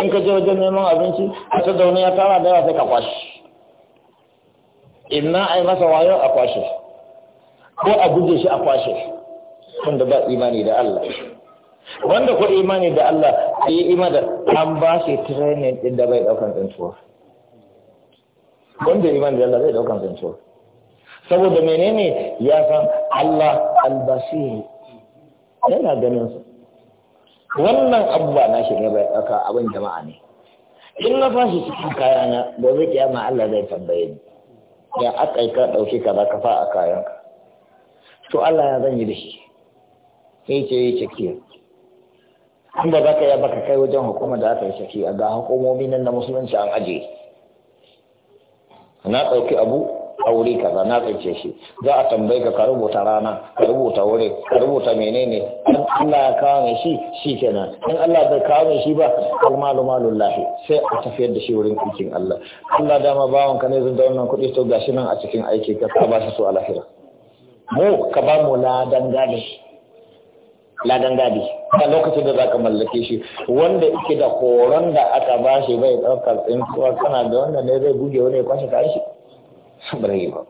A: in ka je wajen neman abinci a ta zaune ya tara da yawa sai ka kwashe inna yi masa wayo a kwashe ko a guje shi a kwashe Wanda ba imani da Allah wanda ko imani da Allah sai yi imada an ba shi training din da bai daukan tsantuwa wanda imani da Allah bai daukan tsantuwa saboda menene ya san Allah albasiri yana ganin su wannan abubuwa na shi ne bai ɗauka abin jama'a ne in na fashi cikin kayana gobe kiyama Allah zai tambaye ni ya aka yi ka ɗauki za ka fa a kayanka to Allah ya zan yi da shi sai ce yi ciki an ba za ka yi baka kai wajen hukumar da aka yi ciki ga hukumomi nan na musulunci an aje na ɗauki abu aure kaza na tsince shi za a tambayi ka ka rubuta rana ka rubuta wuri ka rubuta menene in Allah ya kawo mai shi shi kenan in Allah bai kawo mai shi ba malu malu lahi sai a tafiyar da shi wurin aikin Allah Allah dama bawan ka ne zan da wannan kuɗi to gashi nan a cikin aiki ka ka ba shi su alahira mu ka ba mu ladan gadi ladan gadi a lokacin da zaka mallake shi wanda yake da horon da aka ba shi bai ɗaukar tsintuwa kana da wanda ne zai buge wani ya kwashe kayan shi sabrayi ba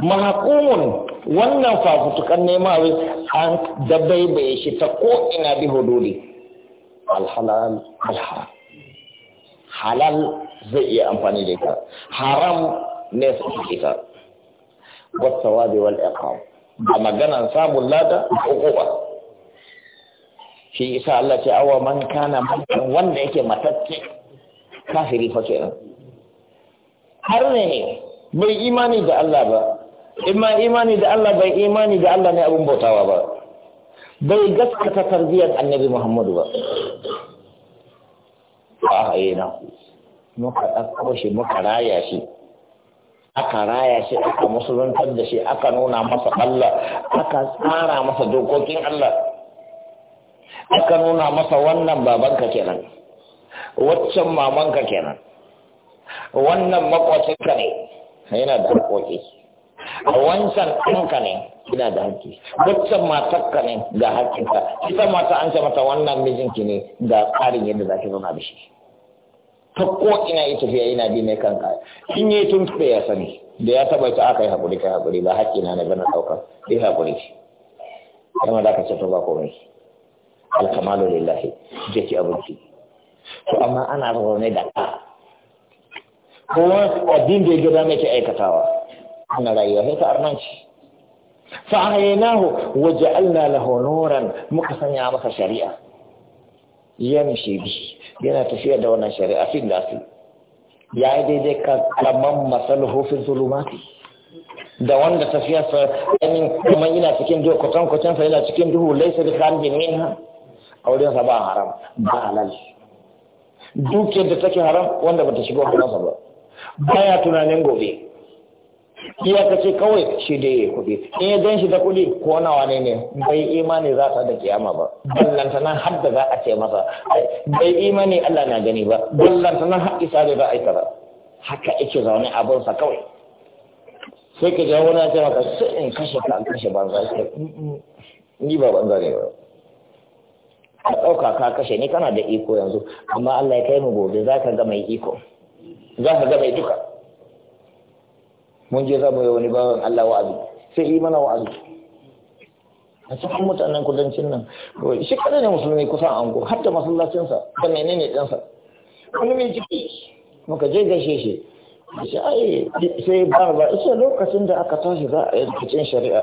A: mahakumun wannan fafutukan nema wai an dabaibaye shi ta ko ina bi hududi alhalal alharam halal zai iya amfani da ita haram ne su ita wata wabi wal iqam da maganan sabon lada ko kowa shi isa Allah ce awa man kana wanda yake matacce kafiri fa kenan har ne bai imani da Allah ba imma imani da Allah bai imani da Allah ne abun bautawa ba bai gaskata tarbiyyar annabi Muhammadu ba ba yana eh, muka ɗauko shi muka raya shi aka raya shi aka musuluntar da shi aka nuna masa Allah aka tsara masa dokokin Allah aka nuna masa wannan babanka kenan waccan mamanka kenan wannan makwacinka ne yana da haƙoƙi wancan wancan ɗanka ne yana da haƙƙi matar ka ne ga haƙƙinka ita mata an ce mata wannan mijinki ne ga tsarin yadda za ki zama da shi ta ko ina yi tafiya yana bi ne kanka in yi tun tuɓe ya sani da ya taɓa ta aka yi haƙuri kai haƙuri ba haƙƙi na ne ba na ɗauka yi haƙuri kama da aka ce to ba komai alkamalu lillahi jeki abinci to amma ana zaune da ka kuma abin da ya gida nake aikatawa ana rayuwa sai ta armanci fa ahaynahu wa ja'alna lahu nuran muka sanya masa shari'a yamshi bi yana tafiya da wannan shari'a fi da su ya yi daidai ka kaman masalhu fi zulumati da wanda tafiya sa ainihin kuma yana cikin duhu kwatan kwatan sa yana cikin duhu laisa bi kharijin minha auren sa ba haram ba halal duk da take haram wanda bata shigo haram ba baya tunanin gobe iya ka ce kawai shi da ya kuɗi in ya gan shi da kuɗi ko nawa ne ne bai imani za ta da kiyama ba ballanta nan har da za a ce masa bai imani Allah na gani ba ballanta nan har isa da za a yi kaza haka yake zaune abinsa kawai sai ka jawo na ce maka sai in kashe ka kashe banza ni ba banza ne ba ka ɗauka ka kashe ni kana da iko yanzu amma Allah ya kai mu gobe za ka ga mai iko. za ka ga mai duka mun je za mu yi wani bawan Allah wa'azi sai yi mana wa'azi a cikin mutanen kudancin nan shi kada ne musulmi kusan ango har da masallacinsa da menene ɗansa wani mai jiki muka je gaishe shi sai sai ba ba isa lokacin da aka tashi za a yi rikicin shari'a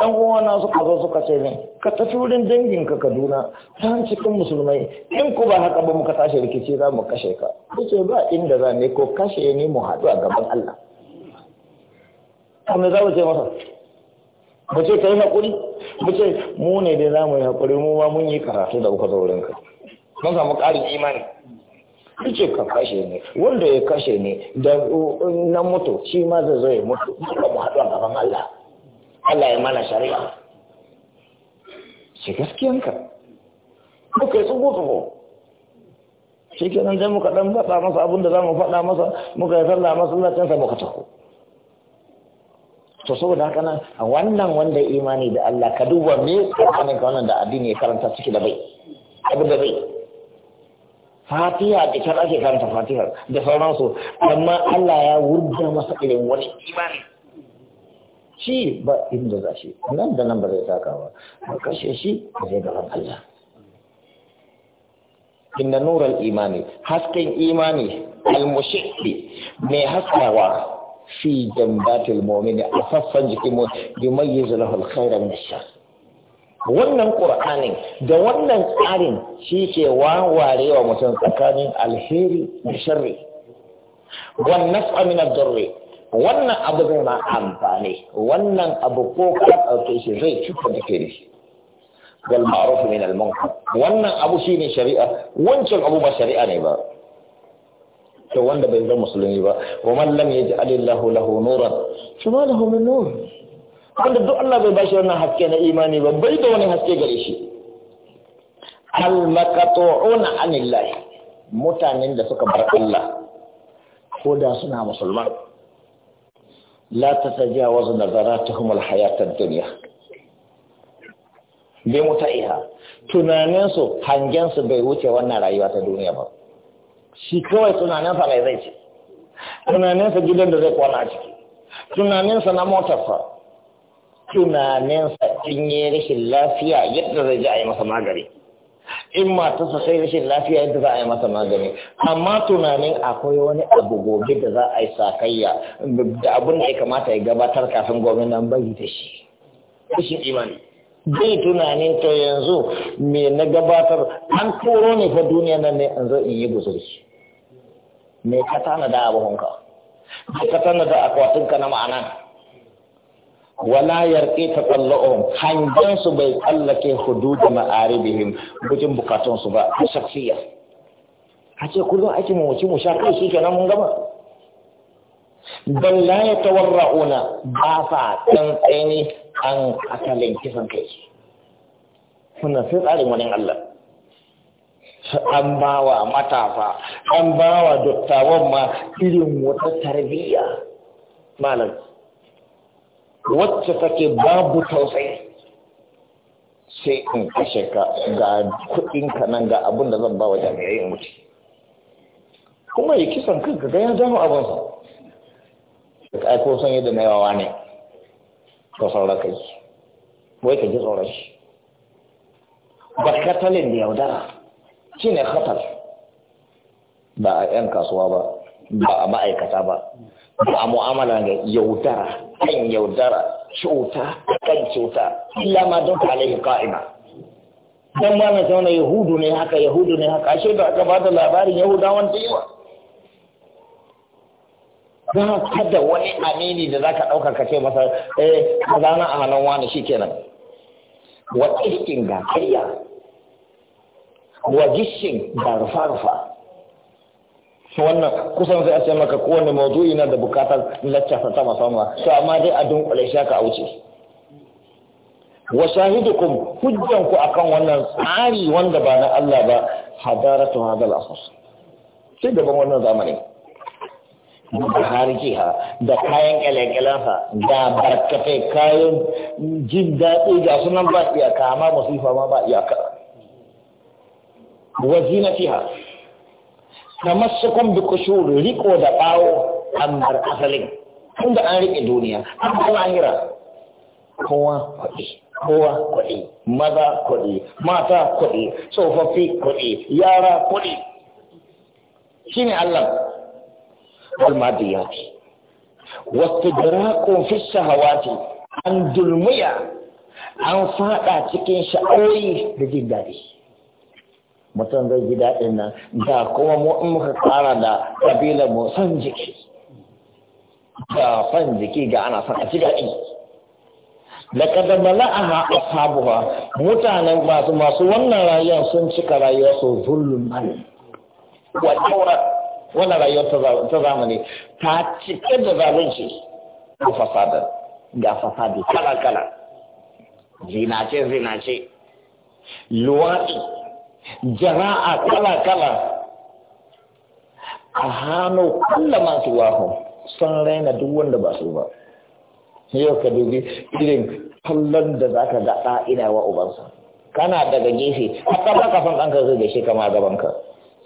A: ɗan uwana suka zo suka ce ne ka tafi wurin dangin ka kaduna ta cikin musulmai in ku ba haka ba muka tashi rikici za mu kashe ka ce ba inda za ne ko kashe ne mu haɗu a gaban allah kuma za mu ce masa mu ce ka yi haƙuri mu ce mu ne dai za mu yi haƙuri mu ma mun yi karatu da kuka zo wurinka mun samu ƙarin imani ce ka kashe ne wanda ya kashe ne da na mutu shi ma zai zo ya mutu ba mu haɗu a gaban Allah Allah ya mana shari'a shi ka, muka yi tsugo ko shi kenan sai muka ɗan faɗa masa abin da za mu faɗa masa muka yi sallah masallacinsa muka taho to saboda haka nan wannan wanda imani da Allah ka duba me tsakanin ka wannan da addini ya karanta ciki da bai abu da bai fatiha da ake karanta fatiha da sauransu amma Allah ya wurda masa irin wani imani shi ba inda za shi nan da nan ba zai saka ba ba kashe shi ba zai gaban Allah inna nural imani hasken imani almushiqi mai haskawa fi jambatul mu'mini a sassan jikin mu yumayyizu lahu alkhayra min ash wannan ƙur'anin da wannan tsarin shi ke wawarewa wa mutum tsakanin alheri da sharri wannan Amina darre wannan abu zai ma amfani wannan abu ko ka ɗauke shi zai cuta da shi wal ma'ruf min al munkar wannan abu ne shari'a wancan abu ba shari'a ne ba to wanda bai zama musulmi ba wa man lam yaj'al lahu nuran fama lahu min nur wanda duk Allah bai bashi wannan haske na imani ba bai da wani haske gare shi al-maqtu'una anillahi mutanen da suka bar Allah ko da suna musulman la tatajawazu nazaratuhum al-hayat ad-dunya bi muta'iha tunanin su hangen su bai wuce wannan rayuwa ta duniya ba shi kawai tunanin sa mai zai ce tunanin sa gidan da zai kwana a ciki tunanin sa na motar sa tunaninsa in yi rashin lafiya yadda zai ji a yi masa magani in matarsa sai rashin lafiya yadda za a yi masa magani amma tunanin akwai wani abu gobe da za a yi sakayya da abin da ya kamata ya gabatar kafin gwamnan bai ta shi rashin imani zai tunanin ta yanzu me na gabatar an turo ne fa duniya nan ne an zo in yi guzuri me ka tana da abubuwanka me ka tana da akwatinka na ma'ana wala yarke ta tsallo'on hangen su bai tsallake hududu ma'aribihim gujin bukin bukatunsu ba a shafiya. a ce kullum ake mu mu sha kai shi kenan mun gama laye la yatawarrauna ba sa ɗan tsani an asalin kisan kai wannan sai tsarin wani Allah an bawa matafa an bawa dattawan ma irin wata tarbiyya malam wacce take babu tausayi sai in kashe ka ga kuɗinka nan ga abin da zan ba wa jami'ai in wuce? kuma ya kisan kanka ga ya abin abinsa da ka aiko yadda na yawa ne ka saura kai wai ka ji tsoron shi
B: ba katalin da yaudara
A: shi ne khatar ba a 'yan kasuwa ba ba a ma'aikata ba a mu'amala ne yaudara kan yaudara cuta kan cuta illa ma don ta alaihi qa'ima dan ba na zauna yahudu ne haka yahudu ne haka ashe da aka bada labarin yahudawan da yawa
B: za kada
A: wani amini da zaka dauka ka ce masa eh kazana a hannun wani kenan wa iskin ga kariya wa jishin ga rufa rufa wannan kusan sai a ce maka kowane mawdu'i na da bukatar lacca ta musamman to amma dai a dunkule shi haka a wuce wa shahidukum hujjanku akan wannan tsari wanda ba na Allah ba hadaratu hadal asr sai ban wannan zamani da ha da kayan kyalekyalafa da barkatai kayan jin daɗi ga sunan ba iyaka amma musifa ma ba iyaka wazina fiha tamassukun bi kushur riko da bawo an bar asalin tunda an rike duniya an bar lahira kowa kuɗi kowa kuɗi maza kuɗi mata kuɗi tsofaffi kuɗi yara kuɗi shine Allah wal madiyat wastidraqun fi shahawati an dulmiya an fada cikin sha'awoyi da jin daɗi mutum zai ji daɗin nan da kuma mu in muka ƙara da ƙabilar mu san jiki ga son jiki ga ana son a ci daɗi a mala'aha sabuwa mutanen masu masu wannan rayuwar sun cika rayuwar su zulman Wani tawra wannan rayuwar ta zamani ta cike da zalunci ko fasadar ga fasadi kala kala zinace zinace luwaɗi jara'a kala-kala a hannu kulla masu waho sun raina duk wanda ba su ba yau ka dubi irin kallon da za ka gaɗa ina wa ubansa kana daga gefe a kama kafan ɗanka zai da shi kama gabanka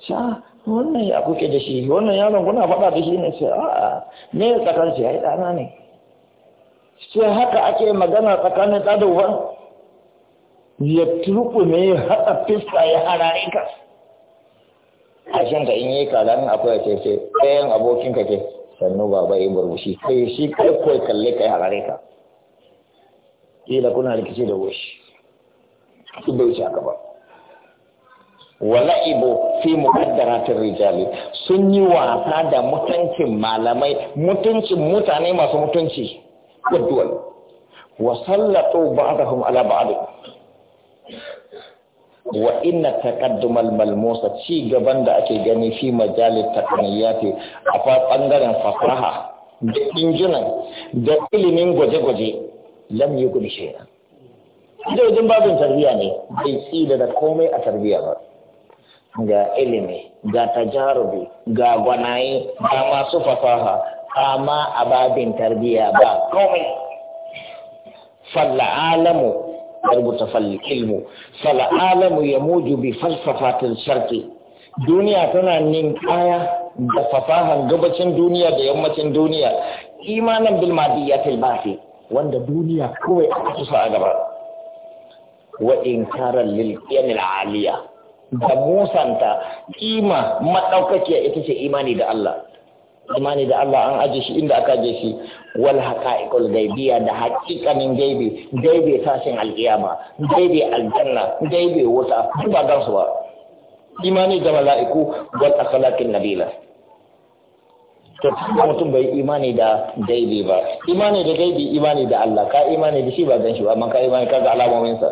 A: sha wannan ya kuke da shi wannan yaron kuna faɗa da shi ne sai a'a ne ya tsakar shi ya yi ɗana ne sai haka ake magana tsakanin ɗa da uban ya turku ne ya haɗa fiska ya hana ka a shan ka in yi kalan akwai ce ce ɗayan abokin ka ce sannu ba bai burbushi kai shi kai kai kalle kai hana ka kila kuna rikici da wushi. su bai ci haka ba wala'ibu fi muqaddaratir rijali sun yi wasa da mutuncin malamai mutuncin mutane masu mutunci wadduwal wa sallatu ba'dahum ala ba'd wa inna taqaddumal malmusa ci gaban da ake gani fi majalit taqniyati a bangaren fasaha da injinan da ilimin gwaje-gwaje lam yukun shay'an da wajen babin tarbiyya ne bai ci da komai a tarbiyya ba ga ilimi ga tajarubi ga gwanaye ga masu fasaha amma a babin tarbiyya ba komai falla alamu rubuta fal ilmu fal alamu yamuju bi falsafatin sharqi duniya tana ninkaya da fasahan gabacin duniya da yammacin duniya imanin bil madiyatil bafi wanda duniya kawai aka tusa a gaba wa inkaran lil qiyamil aliya da musanta kima madaukakiya ita ce imani da Allah imani da Allah an aje shi inda aka aje shi wal haqa'iqul gaibiyya da haƙiƙanin gaibi gaibe tashin alƙiyama gaibe aljanna gaibe wuta ba ba su ba imani da mala'iku wal akhlaqin nabila to kuma mutum bai imani da gaibi ba imani da gaibi imani da Allah ka imani da shi ba dan shi ba amma ka imani ka ga alamomin sa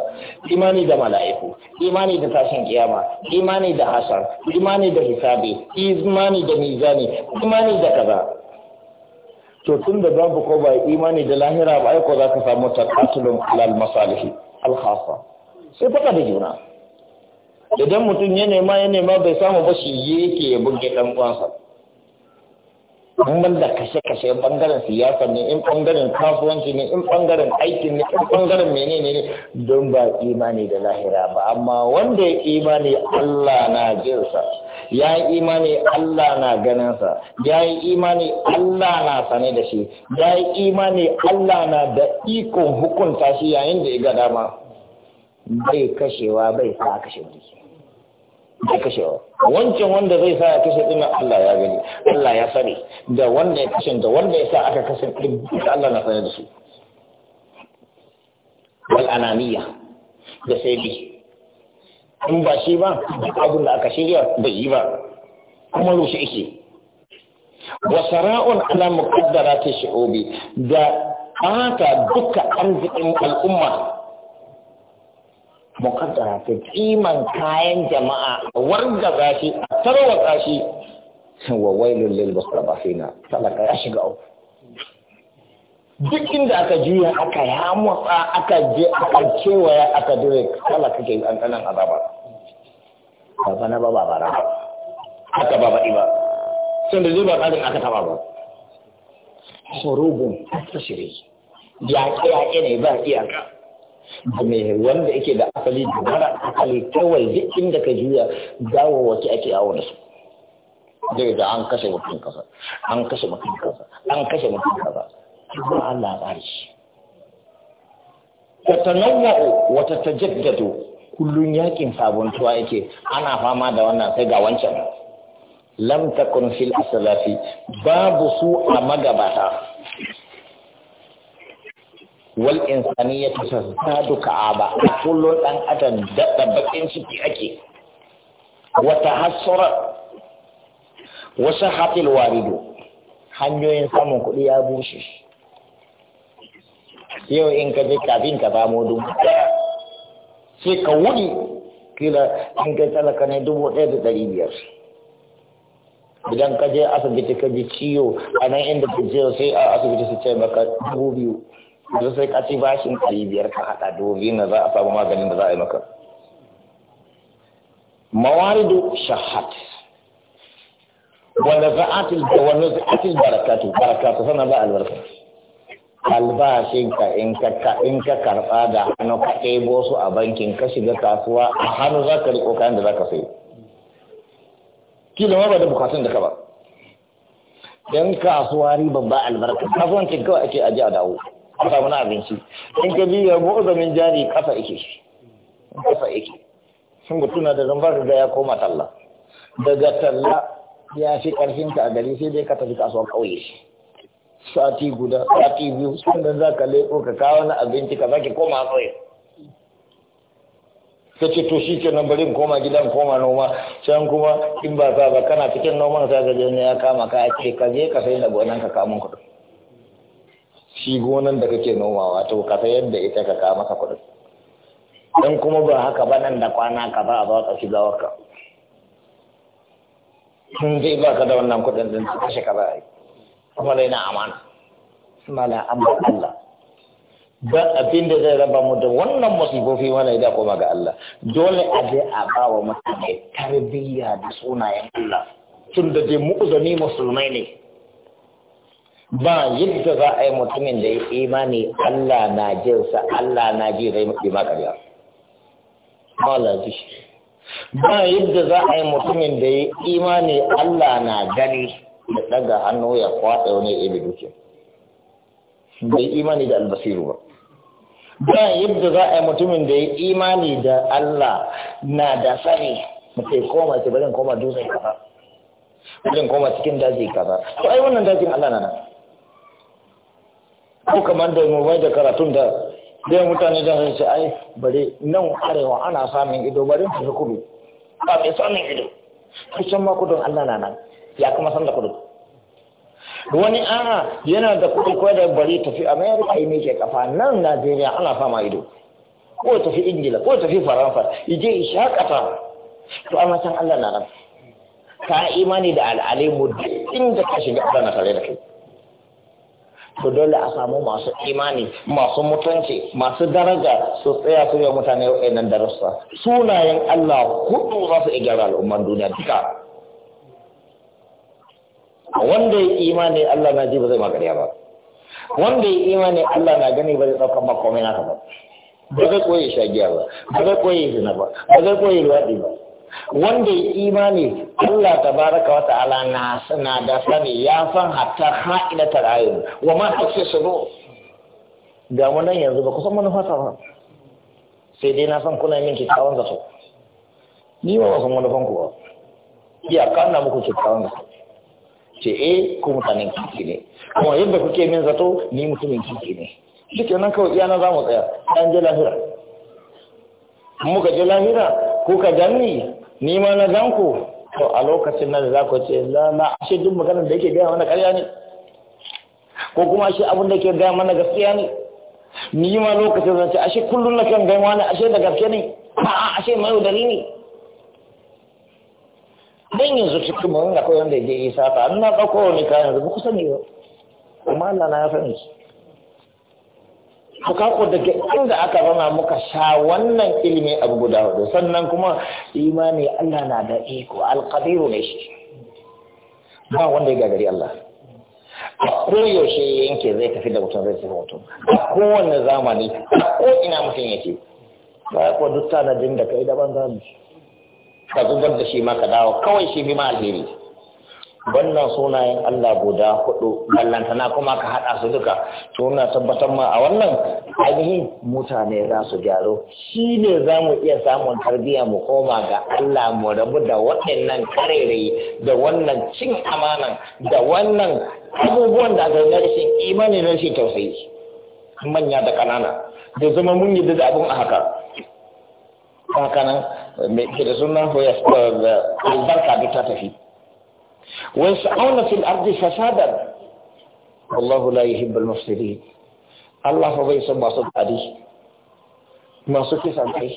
A: imani da mala'iku imani da tashin kiyama imani da hasar imani da hisabi imani da mizani imani da kaza to tun da babu ko ba imani da lahira ba aiko za ka samu taqatulun alal masalih al khassa sai faka da juna idan mutum ya nema ya nema bai samu ba shi yake ya buge dan uwansa an wanda kashe-kashe bangaren siyasa ne in bangaren kasuwanci ne in bangaren aikin ne in bangaren menene ne don ba imani da lahira ba amma wanda ya imani Allah na jinsa ya yi imani Allah na ganinsa ya yi imani Allah na sane da shi ya yi imani Allah na da ikon hukunta shi yayin da ya ga dama bai kashewa bai sa kashe bai kashewa wancan wanda zai sa ya kashe ɗin Allah ya gani Allah ya sani da wanda ya kashe da wanda ya sa aka kashe ɗin Allah na sani da su wal ananiya da sai bi in ba shi ba abin da aka shirya bai yi ba kuma rushe yake wa sara'un ala muqaddarati shu'ubi da aka duka arzikin al'umma mukaddara ta kiman kayan jama'a a wargaza shi a tarwata shi wa wailul lil mustabafina talaka ya shiga uku duk inda aka juya aka motsa aka je aka kewaya aka dire kala kake an kanan azaba ba na ba ba bara aka ba ba iba sun da zuba kadin aka taba ba ta shiri ya ya ne ba iyaka mai wanda yake da asali da mara asali kawai duk inda ka juya wace ake awo da su daga da an kashe mutum kasa an kashe mutum kasa an kashe mutum kasa ba labari ta tanawwa'u wata tajaddadu kullun yakin sabuntuwa yake ana fama da wannan sai ga wancan lam takun fil asalafi babu su a magabata wal insaniyatu sadu ka'aba kullun dan adam da bakin ciki ake wa tahassara wa sahatil waridu hanyoyin samun kuɗi ya bushe yau in ka je kafin ka mu dubu sai ka wuni kila in kai talaka ne dubu ɗaya da ɗari biyar idan ka je asibiti ka ji ciwo a nan inda ka je sai a asibiti su ce maka dubu biyu don sai ka ci bashin ɗari biyar ka haɗa dubu biyu na za a samu maganin da za a yi maka mawaridu shahat wanda za'atil da wani za'atil barakatu barakatu sana ba albarka albashinka in ka in ka karɓa da hannu ka ɗebo su a bankin ka shiga kasuwa a hannu za ka riƙo kayan da za ka sayo kila ma ba da bukatun da ka ba Yan kasuwa riba ba albarka kasuwancin kawai ake aje a dawo a samu na abinci in ka biya mu'azamin jari kasa yake shi kasa yake sun mutuna da zan fara ga ya koma talla daga talla ya fi karfin ka a gari sai dai ka tafi kasuwar kauye sati guda sati biyu sannan za ka leko ka kawo na abinci ka zaki koma kauye ka ce to shi nan bari in koma gidan koma noma can kuma in ba sa ba kana cikin noman sai ka je ne ya kama ka ce ka je ka sai da gonan ka kamun kuɗin shi gonan da kake nomawa to ka sayar da ita ka ka masa kuɗi don kuma ba haka ba nan da kwana ka ba a ba ka shiga waka
B: kun zai ba ka da wannan kuɗin din su kashe
A: ka ba kuma dai na amana suna da amma Allah ba abin da zai raba mu da wannan musibofi wani idan koma ga Allah dole a je a ba wa mutane tarbiyya da sunayen Allah tun da dai mu'uzani musulmai ne ba yadda za a yi mutumin da ya imani Allah na sa Allah na ji zai mafi makariya ba yadda za a yi mutumin da ya imani Allah na gani da daga hannu ya kwaɗa wani ibi duke bai imani da albasiru ba ba yadda za a yi mutumin da ya imani da Allah na da sani mutai koma ce barin koma dutsen kafa barin koma cikin daji kaza. to ai wannan dajin Allah na nan ko kamar da mu bai da karatun da sai mutane da sun ce ai bare nan arewa ana samun ido bare su kudu ba mai samun ido kusan ma kudin Allah na nan ya kuma san da kudu. wani a'a yana da kudi ko da bari tafi America yi mike kafa nan Najeriya ana fama ido ko tafi Ingila ko tafi Faransa ije ishakata to amma san Allah na nan ka imani da al'alimu duk inda ka shiga Allah na tare da kai to dole a samu masu imani masu mutunci masu daraja su tsaya su yi mutane wa'annan darussa sunayen Allah hudu za su iya gyara al'umman duniya duka wanda ya imani Allah na ji ba zai magariya ba wanda ya imani Allah na gani ba zai ɗaukar makomai naka ba ba zai koyi shagiya ba ba zai koyi zina ba ba zai koyi luwaɗi ba wanda ya imani Allah baraka wa ta'ala na suna da sani ya san hatta ta rayu wa ma ce su ga mu nan yanzu ba kusan manufa ta ba sai dai na san kuna min kikkawan zato ni ba san manufan kuwa ba iyaka na muku kikkawan zato ce eh ku mutanen kiki ne kuma yadda kuke min zato ni mutumin kiki ne shi nan kawai iyana za mu tsaya ɗan je lahira muka je lahira ko ka ganni ni ma na gan ku to a lokacin nan za ku ce la na ashe duk maganar da yake gaya mana ƙarya ne ko kuma ashe abin da yake gaya mana gaskiya ne ni ma lokacin zan ce ashe kullum na kan gaiwa ne ashe da gaske ne a ashe mai udari ne dan yanzu cikin mun akwai wanda ya yake isa ta an na ɗauko ne kayan yanzu ba ku sani ba Kuma Allah na ya sani to da daga inda aka zama muka sha wannan ilimin abu guda hudu sannan kuma imani Allah na da iko alƙadiru ne shi ba wanda ya gagari Allah a koyaushe yanke zai tafi da mutum zai tafi mutum a kowane zamani a ko ina mutum yake ba ko duk tanadin da kai daban zamu ka zubar da shi ma ka dawo kawai shi bi ma alheri wannan sunayen Allah guda hudu ballantana kuma ka haɗa su duka to na tabbatar ma a wannan ainihin mutane za su gyaro shi ne za mu iya samun tarbiyya mu koma ga Allah mu rabu da waɗannan karerai da wannan cin amanan da wannan abubuwan da aka rashin imani na rashin tausayi manya da kanana da zama mun yi da abun a haka haka nan mai da sunan eh, albarka duk ta tafi ويسعون في الأرض فسادا والله لا يحب المفسدين الله bai son masu tsari masu kisan kai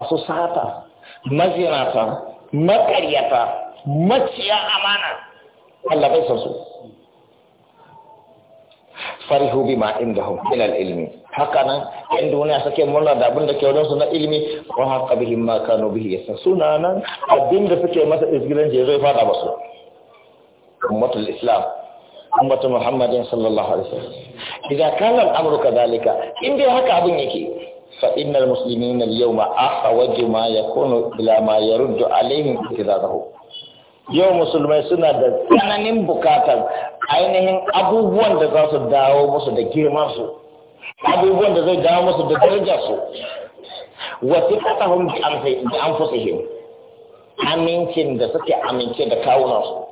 A: masu sata mazinata maƙaryata maciya amana Allah bai son su indahum min al-ilmi haka nan yan duniya sake murna da abinda da ke wajen su na ilimi wa haka bihim ma kanu bihi yasasuna nan abin da suke masa isgilan je zai fada masu ummatul islam ummatu muhammadin sallallahu alaihi wasallam idza kana al-amru kadhalika in dai haka abin yake fa innal muslimina al-yawma ahwaju ma yakunu ila ma yaruddu alaihim dahu. yau musulmai suna da tsananin bukatar ainihin abubuwan da za su dawo musu da girman su abubuwan da zai dawo musu da darajar su wasu kasahun da an fusa amincin da suke amince da kawunansu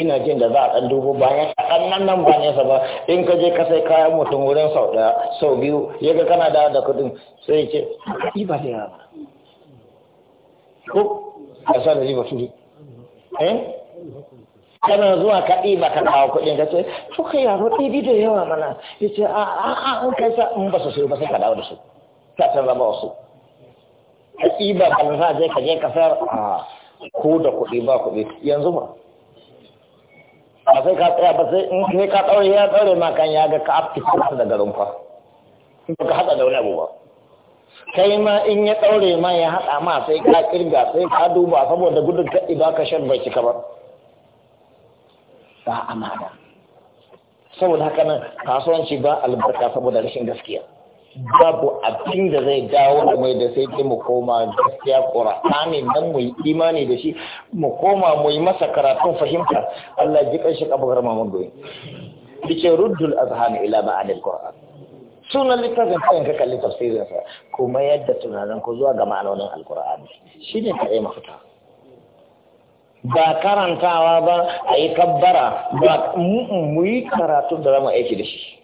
A: ina jin da za a ɗan dubo bayan a ɗan nan bayan sa ba in ka je ka sai kayan mutum wurin sau ɗaya sau biyu ya ga kana da da kuɗin sai ce ɗi ba sai ba ko a sa da riba turi eh kana zuwa ka ba ka kawo kuɗin ka ce to kai yaro ɗibi da yawa mana ya ce a a an kai sa in ba su sai ba sai ka dawo da su ka san zama wasu ka ɗiba ka nasa je ka je ka sayar a ko da kuɗi ba kuɗi yanzu ba ba sai ka tsaya ba sai in ka tsaure ya tsaure ma kan ya ga ka afki da garin fa ba ka hada da wani abu ba kai ma in ya tsaure ma ya haɗa ma sai ka kirga sai ka duba saboda gudun ka idan ka shan bai cika ba ba amana saboda haka nan kasuwanci ba albarka saboda rashin gaskiya babu abin da zai dawo da mai da sai dai mu koma gaskiya qur'ani dan mu imani da shi mu koma mu yi masa karatun fahimta Allah ji kan shi kabar mamun goyi dice ruddul azhan ila ma'anil qur'an sunan littafin kayan ka kalli tafsirin sa kuma yadda tunanin ku zuwa ga ma'anonin ne shine kai mafita ba karantawa ba a yi kabbara ba mu yi karatun da zama aiki da shi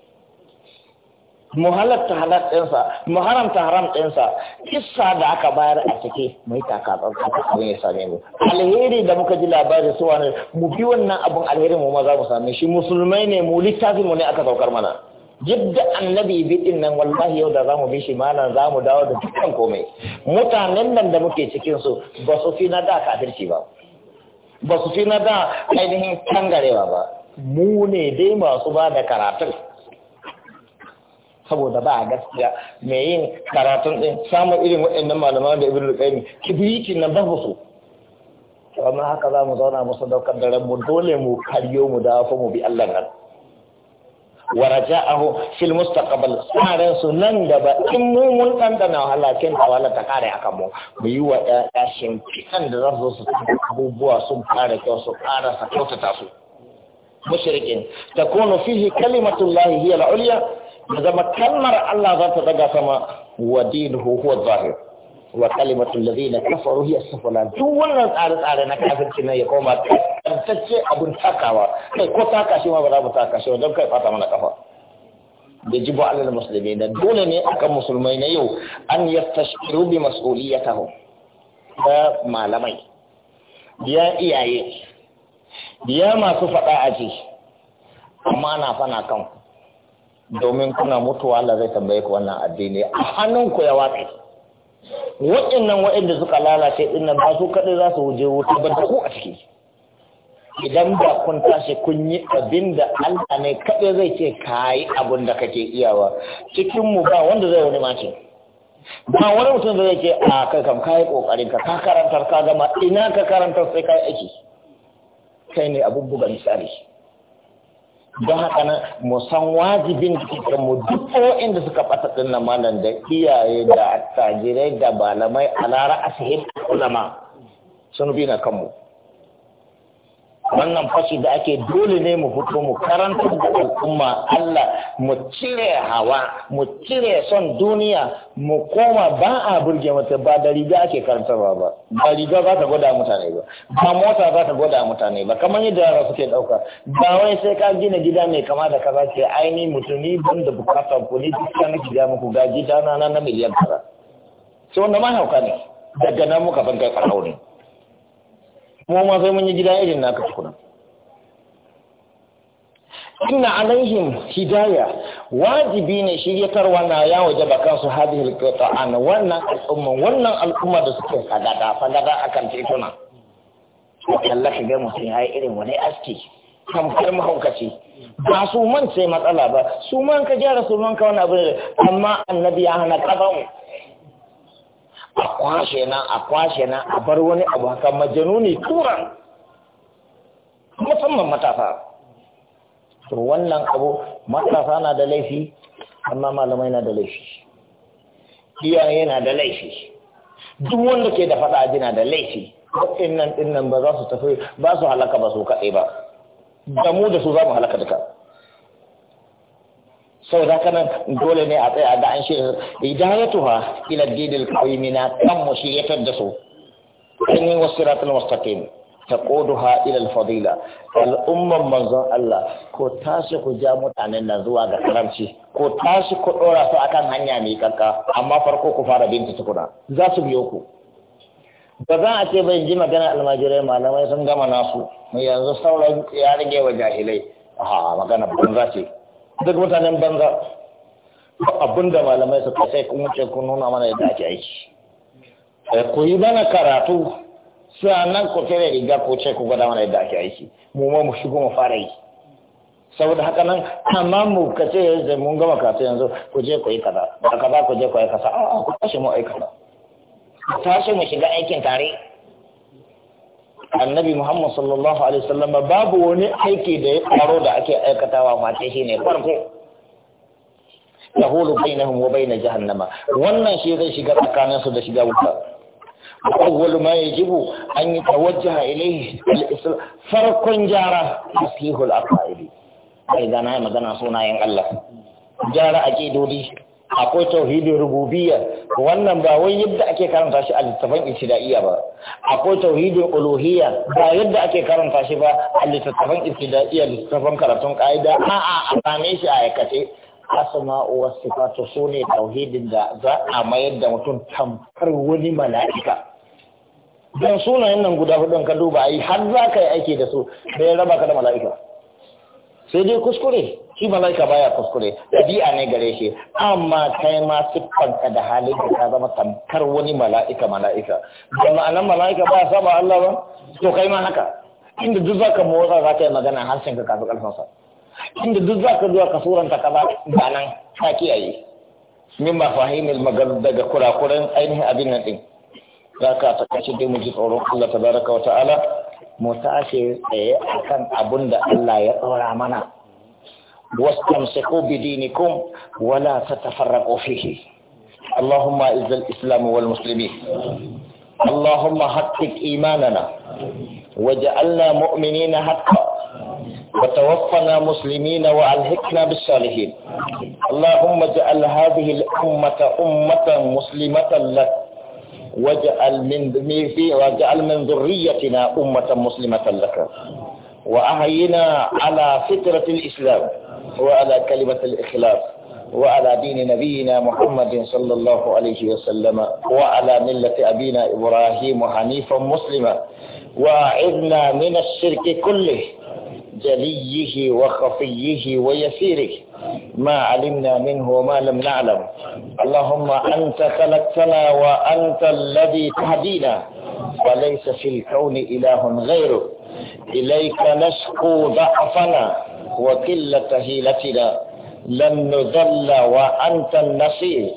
A: mu halatta halar ɗinsa mu haramta haram ɗinsa kissa da aka bayar a ciki mu yi abin ya same mu alheri da muka ji labarin su wani mu bi wannan abin Alheri mu maza mu same shi musulmai ne mu littafi mu ne aka saukar mana jidda annabi bi din nan wallahi yau da za mu bi shi malam za mu dawo da dukkan komai mutanen nan da muke cikin su ba su fi na da kafirci ba ba su fi na da ainihin kangarewa ba mu ne dai masu ba da karatun saboda ba a gaskiya mai yin karatun din samun irin waɗannan malaman da ibnu qayyim kibiyikin nan babu su amma haka za mu zauna musu daukar da mu dole mu karyo mu da fa mu bi Allah nan wa raja'ahu fil mustaqbal tsarin su nan gaba in mu mun dan da na halakin da wala ta kare akan mu mu yi wa ƴaƴa kan da za su su abubuwa sun fara kyau su fara sa kyautata su mushrikin takunu fihi kalimatullahi hiya al ya zama kalmar Allah za ta daga sama wa dinuhu huwa zahir wa kalimatul ladina kafaru hiya sufla duk wannan tsare tsare na kafirci ne ya koma tantacce abun takawa kai ko taka shi ma ba za mu taka shi don kai fata mana kafa da jibo alal musulmi da dole ne akan musulmai na yau an yastashkiru bi mas'uliyatahum da malamai biya iyaye biya masu faɗa a ji amma na fana kanku domin kuna mutuwa Allah zai tambaye ku wannan addini a hannun ku ya watsa waɗannan waɗanda suka lalace dinnan ba su kaɗai za su huje wuta ba da ku a ciki idan ba kun tashi kun yi abin da Allah ne kaɗai zai ce ka yi abin da kake iyawa cikinmu ba wanda zai wani mace ba wani mutum zai ce a kai kam ka yi ka karantar ka gama ina ka karantar sai ka aiki kai ne abubuwan buga misali don haka na mu san wajibin cikin mu duk inda suka ɓata din nan malam da iyaye da attajirai da malamai a lara asihin ulama sun bi na kanmu wannan fashi da ake dole ne mu fito mu karanta da al'umma Allah mu cire hawa mu cire son duniya mu koma ba a burge mata ba da riga ake karanta ba ba riga za ta gwada mutane ba ba mota za ta gwada mutane ba kamar yadda yara suke dauka ba wai sai ka gina gida mai kama da kaza ce aini mutumi ban da bukatar ku duk na gida muku ga gida na na miliyan tara sai wanda ma hauka ne daga nan muka san kai ne mu ma sai mun yi gida irin naka tukuna inna alaihim hidaya wajibi ne shiryatarwa na ya wajaba kansu hadhihi alqita'an wannan al'umma wannan al'umma da suke sagada a akan tituna Allah ka ga mutum yi irin wani aski kamfai mahaukaci ba su man sai matsala ba su man ka gyara su man ka wani abu amma annabi ya hana kafa a kwashe nan a kwashe nan a bar wani abu haka majanuni turan musamman matasa to wannan abu matasa na da laifi amma malamai na da laifi iyaye na da laifi duk wanda ke da faɗa jina da laifi innan innan ba za su tafi ba su halaka ba su kaɗai ba da mu da su za mu halaka duka sau da kanan dole ne a tsaye a da an shirya idayatuha ila didil qawimi na kan mu ya da su kan yi wasu ratul mustaqim ha ila alfadila al'umman manzon Allah ko tashi ku ja mutanen nan zuwa ga karamci ko tashi ku dora su akan hanya mai kanka amma farko ku fara binta tukuna za su biyo ku ba za a ce bai ji magana almajirai malamai sun gama nasu yanzu sauran ya rage wa jahilai a magana banza ce duk mutanen banza abin da malamai suka sai kun wuce kun nuna mana yadda ake aiki eh, ku yi mana karatu nan ku fere riga ko ce ku gwada mana yadda ake aiki mu ma mu shigo mu fara yi saboda haka nan amma mu ka ce yanzu mun gama karatu yanzu ku je ku yi kaza da kaza ku je ku yi kaza a'a ku tashi mu aikata tashi mu shiga aikin tare annabi Muhammad sallallahu alaihi wasallam babu wani aiki da ya karo da ake aikatawa mace ne farko yahulu bainahum wa bain jahannama wannan shi zai shiga tsakanin su da shiga wuta awwal ma yajibu an yatawajjaha ilayhi al-islam farkon jara tasihul aqaidi ai gana magana sunayen Allah jara aqidodi akwai tauhidin rububiyya wannan ba wai yadda ake karanta shi a littattafan ibtida'iyya ba akwai tauhidin uluhiyya ba yadda ake karanta shi ba a littattafan ibtida'iyya littattafan karatun ka'ida a'a a same shi a aikace asma'u was sifatu sune tauhidin da za a mayar da mutum tamkar wani mala'ika dan sunayen nan guda hudun ka duba ai har za ka yi aiki da su bai raba ka da mala'ika sai dai kuskure shi malaika baya kuskure ɗabi'a ne gare shi amma kai ma siffanka da halin da ka zama tamkar wani mala'ika mala'ika da ma'anan mala'ika ba saba Allah ba to kai ma haka inda duk zaka motsa ka yi magana harshen ka kafin ƙarfinsa. inda duk za ka zuwa ka suranta ka ba nan ka kiyaye min ba fahimil magana daga kurakuran ainihin abin nan din zaka ta dai mu ji tsoron Allah tabaraka wa ta'ala mu tashi tsaye akan abun da Allah ya tsora mana واستمسكوا بدينكم ولا تتفرقوا فيه اللهم اعز الاسلام والمسلمين اللهم حقق ايماننا وجعلنا مؤمنين حقا وتوفنا مسلمين والحقنا بالصالحين اللهم اجعل هذه الامه امه مسلمه لك واجعل من في واجعل من ذريتنا امه مسلمه لك واحينا على فطره الاسلام وعلى كلمة الإخلاص وعلى دين نبينا محمد صلى الله عليه وسلم وعلى ملة أبينا إبراهيم حنيفا مسلما وأعذنا من الشرك كله جليه وخفيه ويسيره ما علمنا منه وما لم نعلم اللهم أنت خلقتنا وأنت الذي تهدينا وليس في الكون إله غيره إليك نشكو ضعفنا وقلة هيلتنا لن نذل وأنت النصير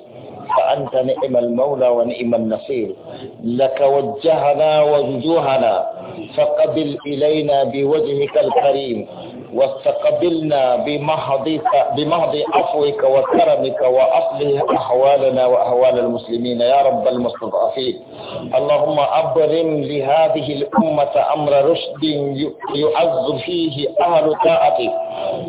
A: فأنت نعم المولى ونعم النصير لك وجهنا ووجوهنا فقبل إلينا بوجهك الكريم واستقبلنا بمحض بمحض عفوك وكرمك واصلح احوالنا واحوال المسلمين يا رب المستضعفين اللهم ابرم لهذه الامه امر رشد يعز فيه اهل طاعتك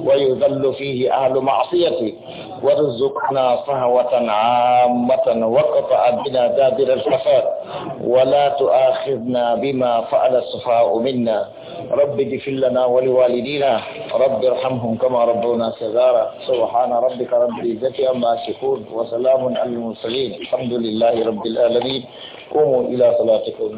A: ويذل فيه اهل معصيتك وارزقنا صهوة عامة وقطع بنا دابر الفساد ولا تؤاخذنا بما فعل السفهاء منا رب اغفر لنا ولوالدينا رب ارحمهم كما ربونا صغارا سبحان ربك رب العزة عما يصفون وسلام على المرسلين الحمد لله رب العالمين
B: قوموا إلى صلاتكم